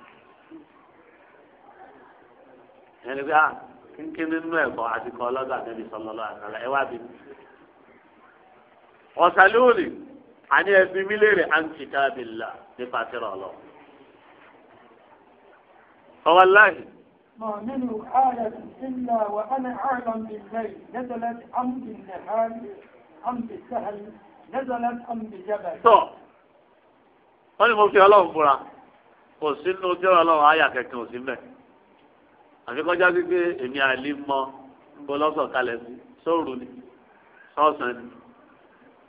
ẹni pé ah kínkín nínú ẹ̀kọ́ àti kọ́ ọlọ́dọ̀ àtẹ́bí sallallahu alaihi ẹ wá bí. ọ̀sálóòlì àní ẹbí mílíọ̀nù àǹtí tábìlà nípa tẹ́rọ ọlọ́run wallahi. منه آية إلا وأنا أعلم بالليل نزلت أم بالنهار أم بالسهل نزلت أم بجبل. tọ́ wọ́n ní mo fi ọlọ́run fura kò sínú tí ọlọ́run àyà kẹ̀kẹ́ ò sí mẹ́ àfikọ́já wípé èmi àlè mọ ń lọ́sọ̀ kalẹ̀ sí sóòrù ni sọ́ọ̀sán ni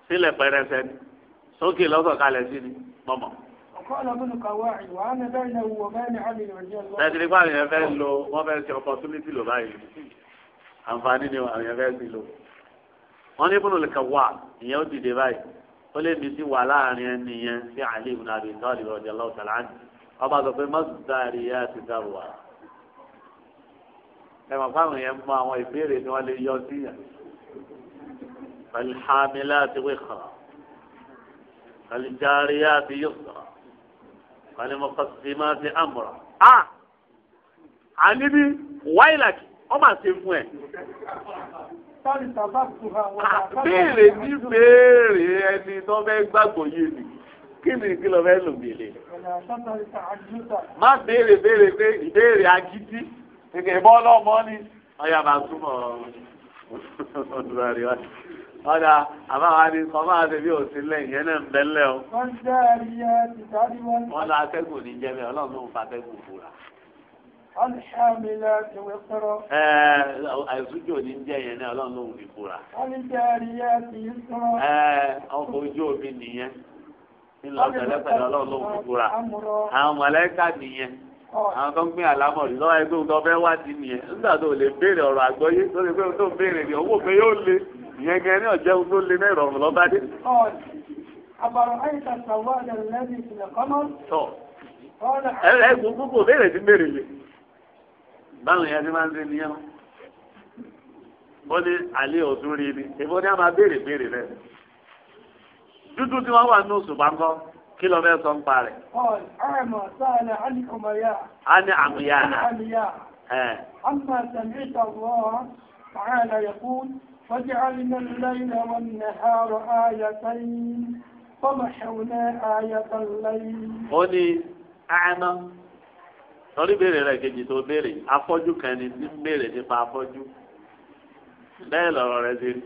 sílẹ̀ pẹrẹsẹ ni sókè lọ́sọ̀ kalẹ̀ sí ni mọ̀mọ́. Ẹ̀sìn ipá àyàn fẹ́ lo wọ́n fẹ́ ṣe opportunity lò báyìí. Àǹfààní ni àyàn fẹ́ ti lò. Wọ́n ní bùnú lìkà wà ìyẹn ó dìde báyìí. Ó lè mi sí wà láàrin ẹni yẹn sí Ali ibn Abi Talib radiyallahu ta'ala anhu. Ọba sọ pé mọ́sùdárì yá ti dárò wà. Ẹ mọ̀ fáwọn yẹn mọ àwọn ìbéèrè ni wọ́n lè yọ sí yẹn. Fal hamilati wiqra. Fal jariyati yusra wọn ni mo kọ́ sí máa ti àmúra. a a níbi wáìlàkì wọ́n máa ṣe fún ẹ̀. béèrè ní béèrè ẹni tó fẹ́ gbàgbọ́ yé mi kí ni kí lọ fẹ́ lò gbélé. má béèrè béèrè pé ìbéèrè agídí ìgbẹ́ bọ́ lọ́mọ ni. ọ̀yà máa túmọ̀ ọ̀dùnrún ọ̀dà àbáwádìí kan máa bí òsín lẹ́yìn yẹn náà ń bẹ́ o. wọ́n lọ atẹ́gùn ní jẹ́ ọlọ́run ló ń fa fúra. àìsújò ní àwọn tó ń gbé àlámọ̀rí lọ́wọ́ ẹgbẹ́ òun tó fẹ́ wá sí nìyẹn nígbà tó lè béèrè ọ̀rọ̀ àgbọ́yé tó lè pé òun tó béèrè ni òun pé yóò le. ìyẹn gẹ́gẹ́ ní ọ̀jẹ́ ohun lé náà ìrọ̀rùn lọ́ba dé. ẹ ẹ gbogbo béèrè sí béèrè lè báwọn yẹn ti máa ń ṣe nìyẹn ó ní àlẹ́ ọ̀tún rí ni èbó ní a máa béèrè béèrè rẹ̀ dúdú tí wọ́n wà ní oṣù kí lọ fẹ́ sọ ń parẹ́. a ní àmúyá وجعلنا الليل والنهار آيتين فمحونا آية الليل ó ní àmọ́ torí béèrè rẹ̀ kejì tó béèrè afọ́jú kan ni tí ń béèrè nípa afọ́jú bẹ́ẹ̀ lọ̀rọ̀ rẹ̀ ṣe rí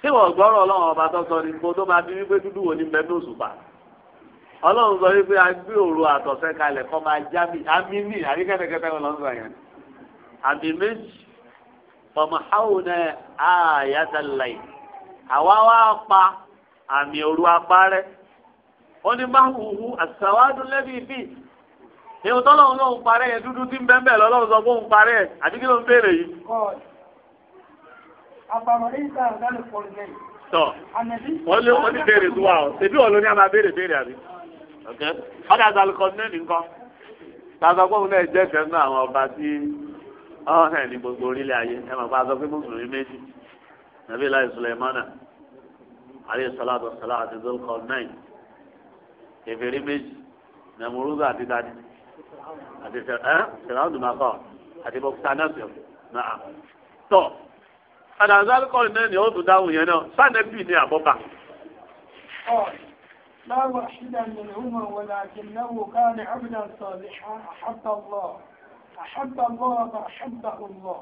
ṣé wọ́n gbọ́rọ̀ ọlọ́run ọba tó sọ ni mo tó máa bí wípé dúdú wo ni mẹ́tò òṣùpá ọlọ́run sọ wípé a gbé òru àtọ̀sẹ́ kalẹ̀ kọ́ máa já àmì ní àríkẹ́tẹ̀kẹ́tẹ́ ọlọ́run sọ yẹn àmì méjì fọmọháwùnà àyàtàláì àwa wá pa àmì òru apárẹ́ ó ní bá wùwú àtàwádùn lẹ́bí bíi èèyàn tó lọ́wọ́ lọ́wọ́ parẹ́ yẹn dúdú tí ń bẹ́ẹ̀ bẹ́ẹ̀ lọ́wọ́ sọ fóun parẹ́ yẹn àti kí ló ń béèrè yìí. tọ wọn lé wọn ní béèrè tó wà ó wọn ló ní a máa béèrè béèrè àbí. ọ̀dà àtàlùkọ́ ní nìkan tàbí ọgbọ́n náà jẹ́ kẹ́ńtà àwọn ọba tí. ọ̀hún ní gbogbo orílẹ̀ ayé ẹ máa bá a sọ pé mùsùlùmí méjì nàbí láì sùlẹ̀mánà alẹ́ sọláàtọ̀ sọlá àti zolkọ náì kẹfẹ́rí méjì nàmúrúzà àti dání àti fẹ̀ráùndù máa kọ́ àti bọ́kútà náà sọ náà tọ́ àdàzà kọ́ náà ni ó tún dáhùn yẹn náà na ni àbọ̀bà. لا وحيدا منهما ولكنه كان عبدا صالحا أحب الله أحب الله فأحبه الله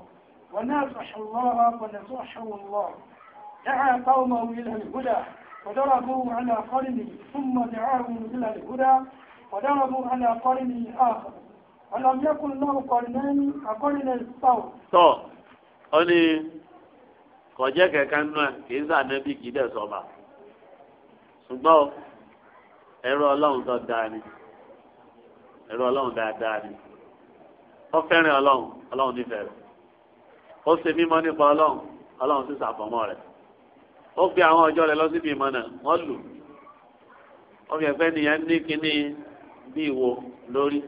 وناصح الله فنصحه الله دعا قومه إلى الهدى وضربوا على قرنه ثم دعاهم إلى الهدى وضربوا على قرنه آخر ولم يكن له قرنان كقرن الصوت. tọ́ ọ ní kọjá kẹ̀kẹ́ nù ẹ̀ kì í sànẹ́bí kì í dẹ̀ sọ́ba ṣùgbọ́n ẹ̀rọ ọlọ́run tó dáa ni ẹ̀rọ ọlọ́run dáadáa ni tó fẹ́ràn ọlọ́run ọlọ́run nífẹ̀ẹ́ rẹ̀ ó ṣe mímọ́ nípa ọlọ́run ọlọ́run sì ṣàfọ̀mọ́ rẹ̀ ó fi àwọn ọjọ́ rẹ̀ lọ síbi ìmọ̀ náà wọ́n lù wọ́n fi ẹ̀fẹ́ nìyẹn ní kínní bí ìwo lórí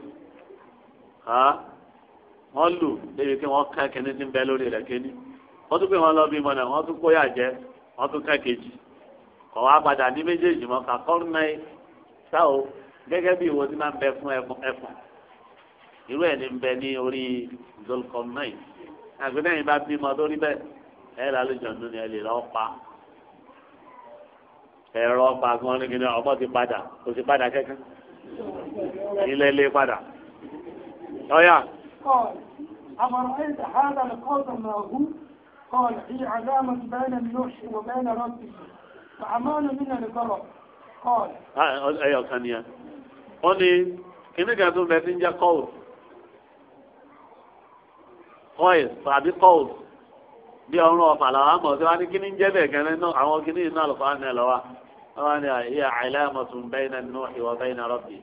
wọ́n lù débi pé wọ́n ká kínní tí ń bẹ lórí rẹ̀ kínní wọ́n tún pé wọ́n lọ bí ìmọ̀ náà wọ́n tún kóyà jẹ wọ́n tún ká kejì kọ̀ wá padà ní méjèèjì mọ́ kà kọ́rùn náà irú ẹ̀ ní bẹ ní orí dolcomnay àgbẹ̀dẹ́ yìí bá bímọ lórí bẹ́ẹ̀ ẹ̀ lálejò nínú ẹ̀ lè lọ́ọ́ pa ẹ̀rọ ọ̀pá gan ní kíni ọmọ ti padà kò sí padà kẹ́kẹ́ ilé ilé padà ọ̀yà. أفرأيت هذا القول ما هو؟ قال هي علامة بين النوح وبين ربه فأمان من الغرب قال. أيوة ثانية. ó ní kíní kan tó bẹ ti ń jẹ́ kọ́ọ̀lù coil tàbí cold bí ọrùn ọ̀fà làwọn àmọ̀ sí wa ní kíní ń jẹ́ bẹ́ẹ̀ gan náà àwọn kíní iná lọ́fà ń nẹ lọ́wọ́ wọn ni àyè àìlámọ̀tún bẹ́ẹ̀ náà nínú ìwọ bẹ́ẹ̀ náà rọ́bì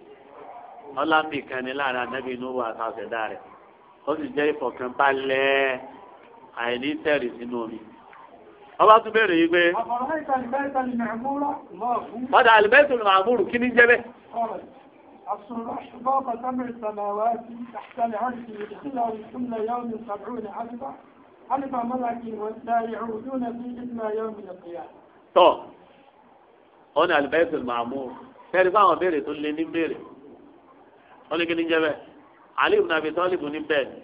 ọlámì kan ní láàrin anábì inú wa àtàwọn ẹ̀dá rẹ̀ ó sì jẹ́ ìfọ̀kànbalẹ̀ àìní tẹ̀rì sínú omi. ọba tún béèrè yìí pé. ọ̀dà أصل أحباط سبع سماوات تحت العرش يدخلهم كل يوم سبعون ألفا ألف ملك لا يعودون في إلا يوم القيامة. طب هنا البيت المعمور fẹ́ẹ́rì fún àwọn béèrè tó lé ní béèrè wọ́n ní kí ni jẹ́ bẹ́ẹ̀ Ali ibn Abi Talib ní bẹ́ẹ̀ ni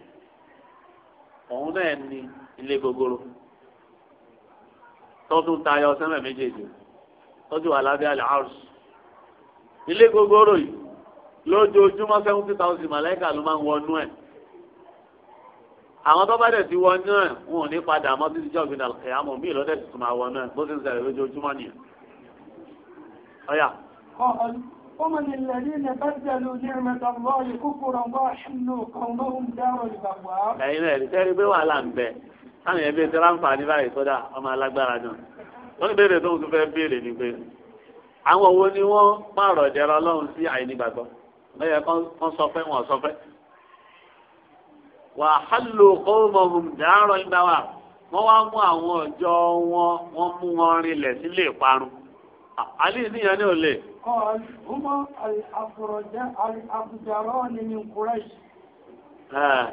òun náà ní ilé gogoro tọ́tún tayọ sẹ́mẹ̀ méjèèjì tọ́jú wà lábẹ́ àlẹ́ àrùs ilé gogoro yìí lójoojúmọ́ seventy thousand màláìka ló máa ń wọnú ẹ̀ àwọn tó bá dẹ̀ ti wọnú ẹ̀ wọn ò ní padà mọ́ títí jọ́ ìgbìnà kẹ̀yàmọ̀ míì lọ́dẹ̀ tuntun máa wọnú ẹ̀ bó ti ń ṣẹlẹ̀ lójoojúmọ́ nìyẹn. ọ̀yà. ومن الذين بدلوا نعمة الله كفرا وأحلوا قومهم دار البوار. ẹ̀yin náà ẹ̀rí pé wàhálà ń bẹ táwọn ẹbí ti ráǹfààní báyìí sọ́dà ọmọ alágbára náà wọ́n ní bèrè tó ń tún fẹ́ béèrè ni pé àwọn wo ni wọ́n pààrọ̀ jẹ́ra ọlọ́run sí àìnígbàgbọ́ lẹ́yìn kan sọ pé wọ́n sọ pé. wà á hàlù kọ́ọ̀mọ̀ dàárọ̀ ìgbà wa wọ́n wá mú àwọn ọjọ́ wọn wọ́n mú wọn rinlẹ̀ sílé ìparun. àlè níyàn ní òlè. قال هما الأبجران من قريش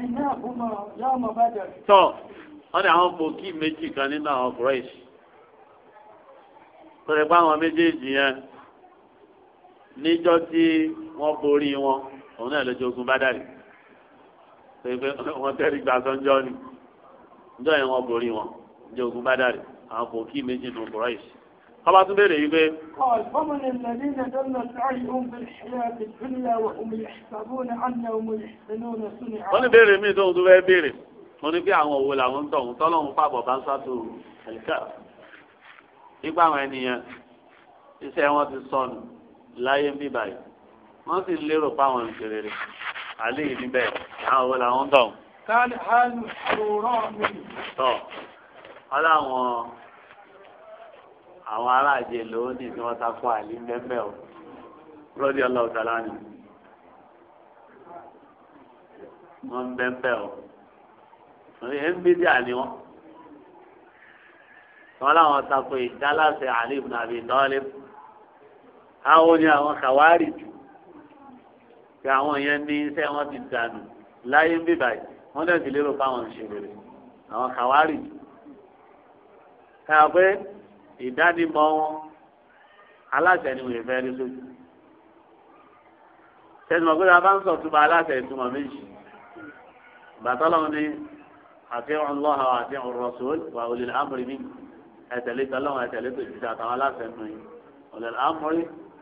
إنهما يوم بدر tó wọ́n ní àwọn pòkí méjì kan nínú àwọn Quraysh tó lè pa àwọn méjèèjì yẹn níjọ́ tí wọ́n borí wọn òun náà lójú ogun bádàrí pé wọ́n tẹ́rì gba sọ́njọ́ ni ǹjọ́ yẹn wọ́n borí wọn lójú ogun bádàrí àwọn kò kí méjì nù bọ̀rọ̀ yìí. Ọba tún béèrè yìí pé. Wọ́n ní béèrè míì tóun tó fẹ́ béèrè. Wọ́n ní pé àwọn òwò làwọn ń tọ̀ ń tọ́lọ́hún pàbọ̀ bá ń sátò ẹ̀ka. Nígbà àwọn ènìyàn iṣẹ́ wọn ti sọnù láyé ń bí báyìí wọ́n sì lérò fáwọn ìṣerere àlẹ́ yìí níbẹ̀ àwọn òwe làwọn ń tọ̀. káàlì hàlù ṣòro mi. tọ́ ọláwọn àwọn aráàjẹ lòónì tí wọ́n ta fún àlè mẹ́mẹ́ o rọ́dí ọlọ́ọ̀tà lánàá wọ́n ń bẹ́ńbẹ́ o ẹ̀ ń bí díà ni wọ́n wọ́n láwọn tako ìdálàsẹ̀ àlè ibùdó ìdánwálé àwọn ni àwọn kàwárì jù pé àwọn yẹn ní iṣẹ́ wọn ti dànù láyé ń bìbà yìí wọ́n dẹ̀ ti lérò fáwọn ìṣèlérí àwọn kàwárì káyọ̀ pé ìdánimọ̀ wọn aláṣẹ ni wòye fẹ́ rí sójú tẹnumọ̀ pé a bá ń sọ túbọ̀ aláṣẹ ìtumọ̀ méjì bàtọ́lọ́wọ́ ni àfihàn lọ́hà àfihàn rọ̀sùn wà olè lámùrí mi ẹ̀tẹ̀lé tọ́lọ́wọ́ ẹ̀tẹ̀lé tó jìjà àtàwọn aláṣẹ nù yìí olè lámùrí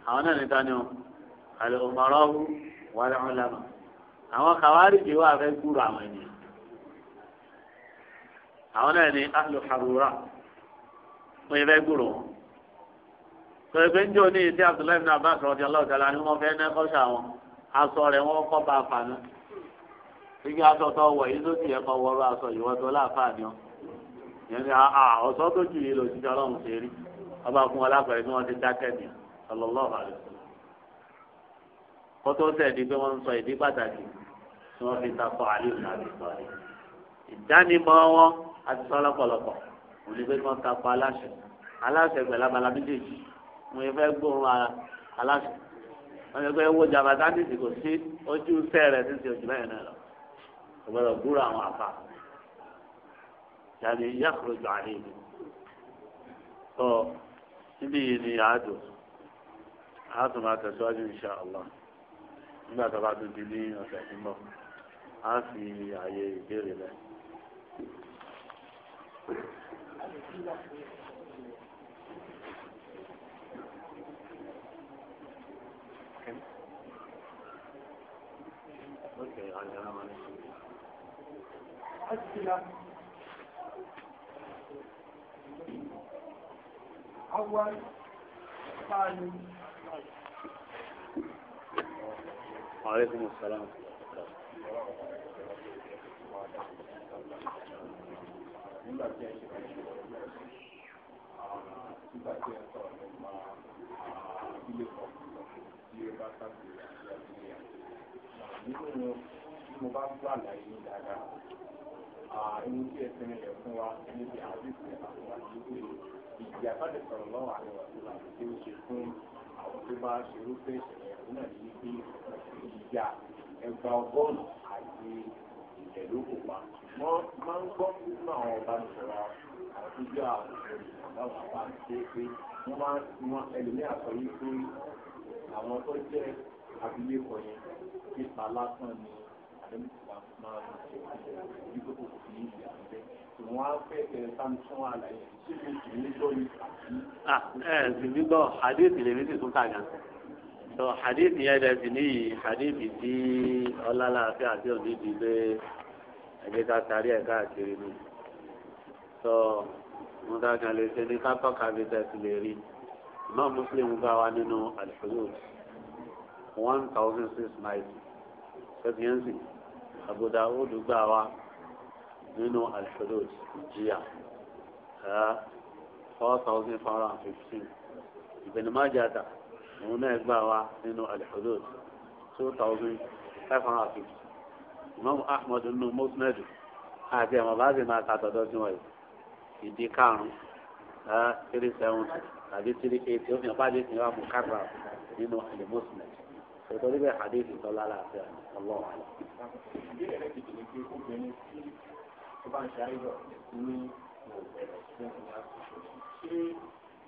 àwọn náà níta ni ọ àlè òmàrọ́hù wàlẹ́ wọn lámà àwọn kàwárí jù wà fẹ́ gbúrò àwọn ènìyàn àwọn náà ní ahlù harura wọn fẹ́ gbúrò wọn pẹ̀lú ń jò ní ìdí abdullahi bin abbas rọ̀dí aláwùjọ́lá ni wọ́n fẹ́ ná kọ́ṣà wọn aṣọ rẹ̀ wọ́n kọ́ bá a fà náà gbígbé aṣọ tó wọ̀ yìí tó sì yẹ kọ́ wọ́ọ́rọ́ aṣọ yìí wọ́n tó láàfáà ni ọ́ yẹn ni ọ̀sọ́ tó jù yìí lòdì jọlọ́run ṣe rí ọba fún wọn lápẹ̀rẹ̀ bí wọ́n ti dákẹ́ ni ọlọ́lọ́ọ̀bà rẹ̀ sọ kótó sẹ́ni pé wọ́n ń sọ ìdí pàtàkì tí wọ́n fi takọ àlìyé àti sọ̀rọ̀ ìdánimọ̀ wọn àti sọ lọ́pọ̀lọpọ̀ òní pé wọ́n takọ aláṣẹ aláṣẹ pẹ̀lú abala méjèèjì mo yẹ fẹ́ gbóhùn aláṣẹ wọ́n yẹ fẹ́ wo jàmbá kò sí ojú sẹ́rẹ̀ títí ojú bẹ́ẹ̀ náà lọ ọ̀gbọ́dọ̀ gbúrò àwọn àfa yàrá ìyàkùrọ̀ jọ àlẹ́ mi tọ́ yìí ni àádùn àádùn máa tẹ̀síwájú inṣàlá nígbà tó bá tún di ní ọ̀sẹ̀ tí mọ̀ á fi ààyè ìbéèrè lẹ. Okay, I'll get on it. أسئلة أول aleykum salaam. nígbà tí ẹ ṣe sọ̀rọ̀ nípa ilé kan lọ́wọ́ tó láti ṣe fún àwọn tó bá ṣerú fẹ́ ìṣẹ̀lẹ̀ náà ní pé ìjà ẹgbà ọgọ́rùn àti ìtẹ̀lókòpá wọ́n máa ń gbọ́ nínú àwọn ọba nìṣọ́ra àtijọ́ àwọn àwọn àbá ṣe pé wọ́n máa ń wọn ẹlòmíà sọ pé àwọn tó jẹ́ abilékọ yẹn pípa lásán ni àdéhùn máa ń ṣe ìdíkòkò sí ìyá bẹ́ẹ̀ ẹ sì ní gbọ́ hadith lèmi sì tún kàgà tó hadith yẹn dẹ̀ sì níyì hadith tí ọlálàáfíà àti òní di pé ẹgbẹ́ ká sáré ẹ̀ káàkiri ni tó wọn dákan lè ṣe ní kápá kàbí tẹ̀sí lè rí náà Muslim bá wa nínú al-Hudud one thousand six ninety ṣẹ́fìyẹ́nsì Abu Dawud gbà wa nínú alhudud ìjìyà four thousand four hundred fifteen Ibn Majah òun náà gbà wá nínú alhudud two thousand five hundred and fifty Imam Ahmad nínú Musnad àti ẹ̀wọ̀n bá sì máa kàtọ́dọ́ sí wọ̀nyí ìdí karùn-ún three seventy tàbí three eighty ó fi hàn pàdé ìwà mùkárà nínú al-Musnad nítorí bẹ́ẹ̀ hadith ìtọ́lá láàfin ọlọ́run tó bá ń ṣe ayọ̀ ní òwe ìṣẹ́yìnà ṣé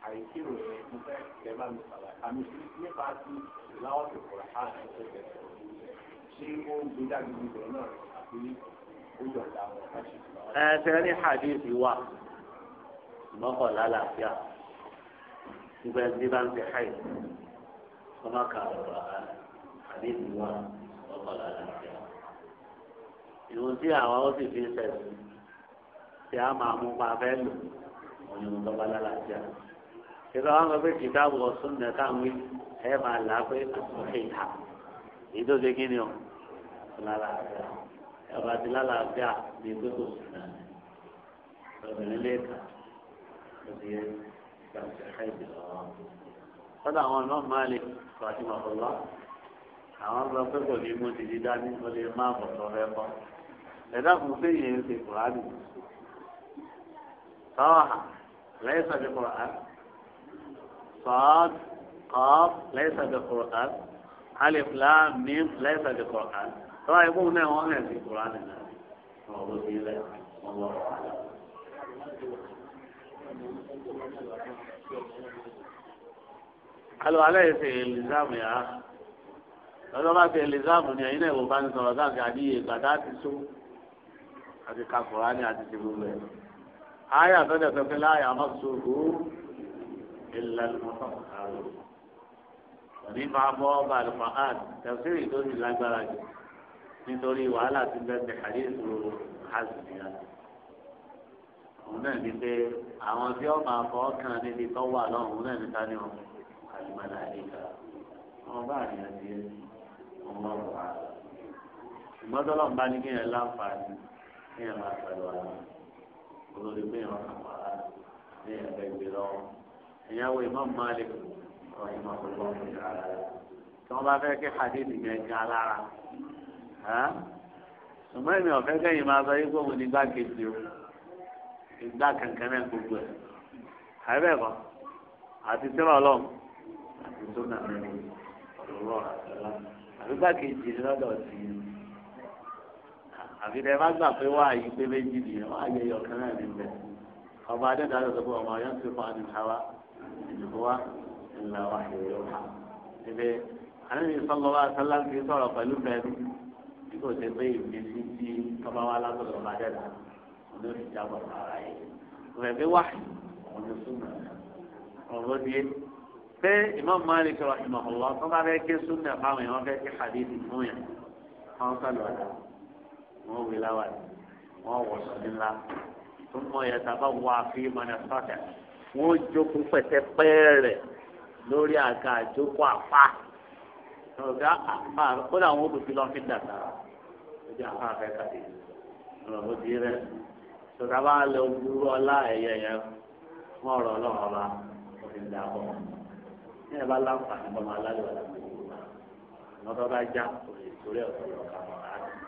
àìkírò rẹ̀ mo fẹ́ kẹ́ bá mi sàlàyé àmì nípa ti ìláwọ̀ tó kọ̀ láti ṣẹ̀ṣẹ̀ sọ̀rọ̀ ṣé ó ń gbé dàbí ibẹ̀ náà àti ó yọ̀ǹda wọn láti ṣe. ẹ ṣe ní hadithi wa mọ́kànlá làáfíà gbogbo ẹni bá ń ṣe háì ọmọ kà ọ̀rọ̀ hadithi wa mọ́kànlá làáfíà ìwọ̀n tí àwọn ó sì fi ṣẹ̀sìn tí a máa mú pa fẹ́ lò òun ni mo tọ́ bá lálàáfíà. ìgbà wọn sọ pé kìtàbù ọ̀sùn nẹ̀ táwọn ẹ máa là á pé àtúnṣe ìhà èyí tó ṣe kí ni ọ lálàáfíà ẹ bá ti lálàáfíà ní pé kò sí náà obìnrin lè kà ó ti yẹ gbàgbé káyìí lọ́wọ́. sọ́dọ̀ àwọn ọ̀nà máa lè sọ àti màkọ́lá àwọn sọ pé kò ní mú ti di dání ó lè má bọ̀ sọ fẹ́ kọ́ ẹ̀dá kò fẹ́ yẹn ń ṣe kùránì طه ليس بقرآن صاد قاف ليس بقرآن ألف لام ميم ليس بقرآن ترى يقول هنا وأنا في القرآن الناس موضوع إلى والله أعلم قالوا عليه في الإلزام يا أخي lọ́dọ̀ في fi ẹlẹ́sàmù ni ẹ̀yin صلاة ìwò bá ń هذه كفرانية هذه àdíyè àyà tó dẹ̀ sọ́kẹ́ láyà má sòkò ìlànà òní máa bọ́ balùwà án tẹ̀síìrì tó sì lágbára jù nítorí wàhálà ti bẹ́ẹ̀ àdéhùn àzùmíà. òun náà ní pé àwọn tí wọ́n máa fọ́ kàn níbi tó wà lọ́hùn òun náà ní ká ní wọn àlùmọ́lá àdéhùn wọn bá àríyàn di wọn bá wà. ìmọ̀tọ́lọ́mùbá ní kéèyàn láǹfààní kéèyàn máa pẹ̀lú ara olórí mẹ́rin àwọn ará ní ẹ̀ẹ́dẹ́gbẹ́ lọ́wọ́ ìyàwó Imam Malik ọ̀hìn ọ̀pọ̀lọpọ̀ ìyára rẹ̀ tí wọ́n bá fẹ́ kí hadith yẹn gan lára ṣùgbọ́n èmi ọ̀fẹ́ kẹ́yìn máa sọ yín gbóhùn nígbà kejì o ìgbà kankan náà gbogbo ẹ̀ àbẹ̀ kọ́ àti tẹ́lọ̀ ọlọ́run àti tó nà mẹ́rin ọ̀rọ̀ àtẹ̀lá àfi tẹ bá gbà pé wàá yí pé méjì nìyẹn wàá yẹ yọ kan náà níbẹ̀ ọba adẹ́ta ló sọ pé ọmọ ọyọ́ ń fi fún adìsáwá ìdìbò wa ńlá wa yóò ha níbẹ̀ àníbi sọlọ wa sọlá ń fi sọ̀rọ̀ pẹ̀lú bẹ́ẹ̀ni bí kò ṣe pé ìgbésí tí ọba wa látọ̀dọ̀ ọba adẹ́ta ló fi jábọ̀ ara yìí rẹ̀ bí wà ọ̀nà súnmọ̀ ọ̀rọ̀ díẹ̀ pé Imam Malik rahimahullah tó bá fẹ́ ké súnmọ̀ fáwọn èèyàn fẹ́ ké hadith fún yẹn kọ́ńtà lọ́dọ̀ wọn wí láwà ní wọn wọ sọdí ńlá tó mọ yẹn tàbá wọ àfi mọnà sọtẹ wọn jókòó pẹ̀tẹ́pẹ́ rẹ lórí àga àjókòó àpá ọgá àpá kódà àwọn olùfi lọ fi dàgbà lórí àpá àfẹkàdé ọlọ́pàá ti rẹ tọ́ta bá lọ gbúrú ọlá ẹyẹ yẹn wọn ọ̀rọ̀ Ọlọ́run ọba òfin dàbọ ní ẹ bá láǹfààní bọmọ alálẹ wà láti wa ọmọ bá já òfin ìtòrí ọ̀tọ̀ lọ kà wọn rárá.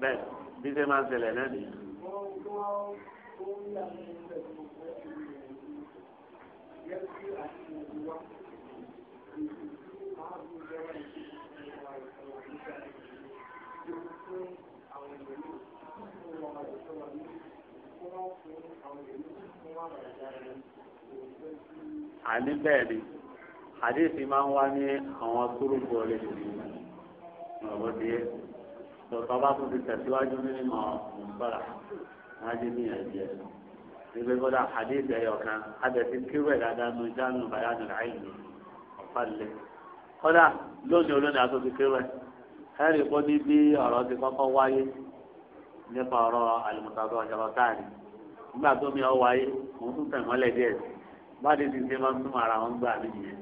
bẹ́ẹ̀ bí ṣe máa ń ṣẹlẹ̀ náà ni. àní bẹ́ẹ̀ ni. àdéhìí máa ń wá ní àwọn kúrúkú ọ̀lẹ́ ìdìbò ọ̀bọ̀ díẹ̀ kan dáadáa lónìí olónìí ẹ̀rì kó ní bí ọ̀rọ̀ ti kọ́kọ́ wáyé nípa ọ̀rọ̀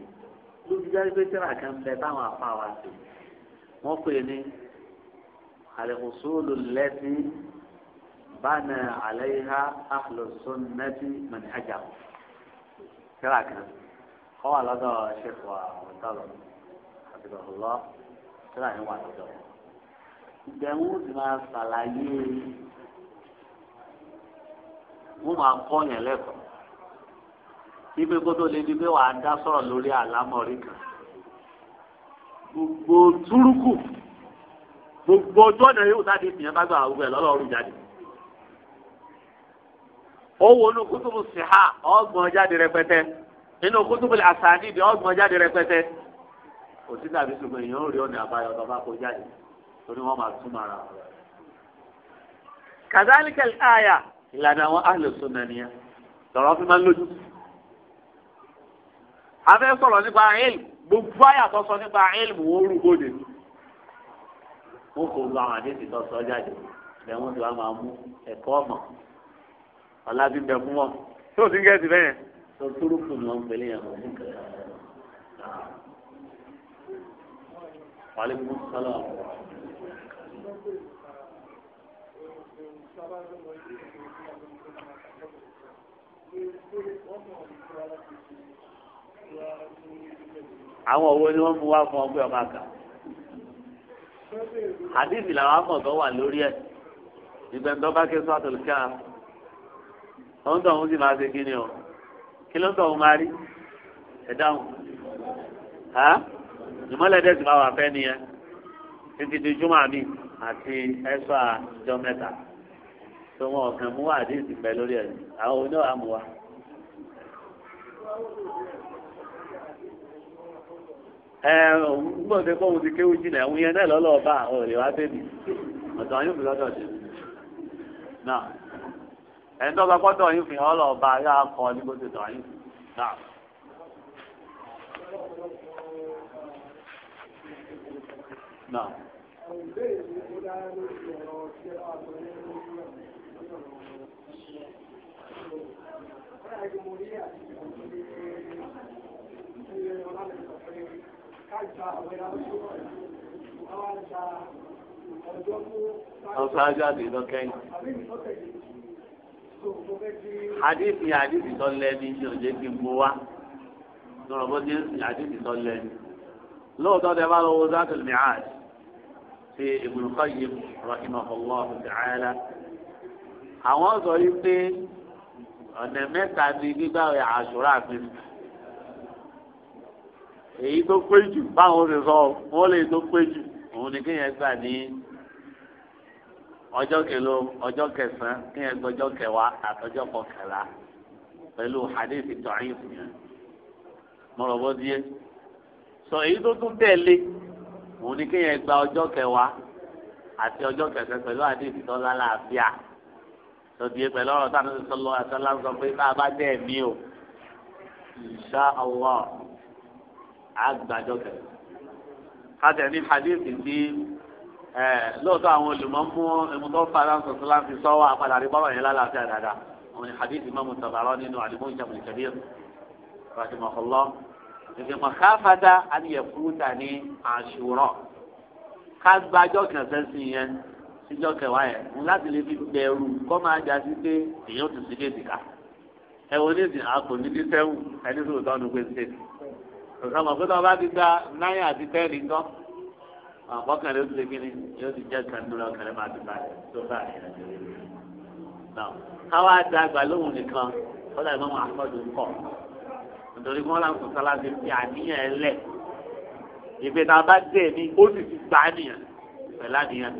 ló ti jáde pé tíra kan bẹ táwọn afa wa sí wọn pè ní alẹ́kùsùlù lẹ́tí bánà àlẹ́yìnká àflọ̀sùn nẹ́tí mọ̀nìyàjà tíra kan kọ́ wà lọ́dọ̀ ṣèkọ̀ àwọn ìtọ́lọ̀ àti bàbá tíra yẹn wà lọ́dọ̀ ìgbẹ̀wò ti máa ṣàlàyé wọ́n máa kọ́ yẹn lẹ́kọ̀ọ́ ibi kótó lè di pé wàá dá sọ̀rọ̀ lórí àlámọ̀rí kan gbogbo túrúkù gbogbo ojú ọ̀nà yóò sáde tìyẹn bá gbà àwùjọ lọ́lọ́run jáde ó wo inú kútùbù síhá ọgbọ̀n jáde rẹpẹtẹ inú kútùbù àsànídìí ọgbọ̀n jáde rẹpẹtẹ kò sí tàbí ṣùgbọ́n èèyàn ń rí ọ̀nà àbáyọ tó bá kó jáde torí wọ́n máa túmọ̀ ara wọn. àyà ìlànà àwọn ahlùsùn nàníyà lọ́rọ́ fi máa ń lójú afẹ́ sọ̀rọ̀ nípa ilm gbogbo àyà tó sọ nípa ilm wo orúkọ dè mí. wọ́n kò lu àwọn àdéhùn tó sọ jáde bẹ́ẹ̀ wọ́n ti wá máa mú ẹ̀kọ́ ọ̀mọ̀ ọ̀làbí fún wọn. tí o ti ń gẹ̀ẹ́sì bẹ́ẹ̀. tó túrúkù ni wọ́n ń pèlè yẹn wọ́n ní kẹ̀kẹ́. wàlẹ́kùn sálà. Thank you àwọn òwe ni wọ́n mú wá fún ọgbẹ́ ọmọ àgà àdìsí làwọn akọ̀tọ̀ wà lórí ẹ̀ ìgbẹ́ntọ́ bá ké sọ́tòlù ká ọ̀hún tó ọ̀hún sì máa ṣe kíni o kí ló ń tọ̀ ọ̀hún máa rí ẹ̀ dáhùn ha ìmọ̀lẹ́dẹ́sì máa wà fẹ́ nìyẹn títí di júmọ̀ àmì àti ẹ̀fà ìjọ mẹ́ta tó wọn ọ̀kan mú àdìsí pẹ̀ lórí ẹ̀ àwọn oníwà wa gbọ́dọ̀ kọ́ ti kéwú jìnà ẹ̀hún yẹn náà lọ́lọ́ ọba àwọn wá bèbí ọ̀dọ̀ yóò lọ́dọ̀ ṣe náà ẹ̀ńtọ́ bá gbọ́dọ̀ fi hàn ọba yóò akọ ní bó ti náà. náà. ọ̀sán ajáde lọ kẹ́yìn. hadithi hadithi tó lẹ́ni ní òjé ti mú wa lọ́rọ̀ bó dé hadithi tó lẹ́ni. lóòótọ́ tẹ bá lọ wo zatul mi'ad ti Ibn Qayyim rahimahullah ta'ala. àwọn sọ yìí pé ọ̀nà mẹ́ta ni gbígbà Àṣúrà àfihàn èyí tó pé jù báwọn ṣe sọ wọn lè tó pé jù òun ni kéèyàn gbà ní ọjọ́ kelo ọjọ́ kẹsàn-án kéèyàn gbọ́ ọjọ́ kẹwàá àtọjọ́ kọkànlá pẹ̀lú hadith da'if yẹn mọ̀rọ̀ bọ́ sọ èyí tó tún tẹ̀lé òun ni kéèyàn gba ọjọ́ kẹwàá àti ọjọ́ kẹsàn-án pẹ̀lú tọ́lá làáfíà lọ́dí ẹ pẹ̀lú ọ̀rọ̀ táwọn sọ̀rọ̀ pé tá a bá dẹ̀ mí o insha Allah àgbàjọ kẹ kájẹ ní hadith ti ẹ lóòótọ́ àwọn olùmọ̀ ń mú ìmúdọ́ fara sọ̀tún láti sọ́wọ́ àpàdà àdìgbọ́ ọ̀rọ̀ yẹn lálàáfíà dáadáa àwọn hadith Imam Tabarani nínú àdìgbò ìjàmùlẹ̀ kẹ́bíyà rahimahullah ìfi mọ̀káfàdà àníyẹ̀kúta ní àṣùrọ̀ kágbájọ́ kẹsẹ̀ sí yẹn síjọ́ kẹwàá yẹn láti lè fi bẹ̀rù kọ́ máa jà sí pé èèyàn ti sí léèdì ká ẹ̀wọ̀n ní ìsìn àpò ní dísẹ́wù ẹni tó tọ́nu pé ṣe sọ̀rọ̀ mọ̀ bá ti gba náírà àti tẹ́ẹ̀lì ńkọ́ àbọ̀kànlẹ̀ ó ti lè kíni yóò ti jẹ́ kàndúrà ọ̀kànlẹ̀ máa ti bá tó bá àyàn jẹ́ náà káwá da àgbà lóhùn nìkan kọ́lá ìmọ̀ máa kọ́jú kọ́ nítorí wọn là ń sọ sálá ti fi àníyàn ẹ lẹ̀ ìpè tá a bá dẹ̀ mí ó sì ti gbà á pẹ̀lú àníyàn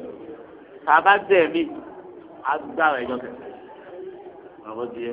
tá a bá dẹ̀ mí á gbà ẹ̀jọ̀ kẹsẹ̀ ọ̀rọ̀ bó ti yẹ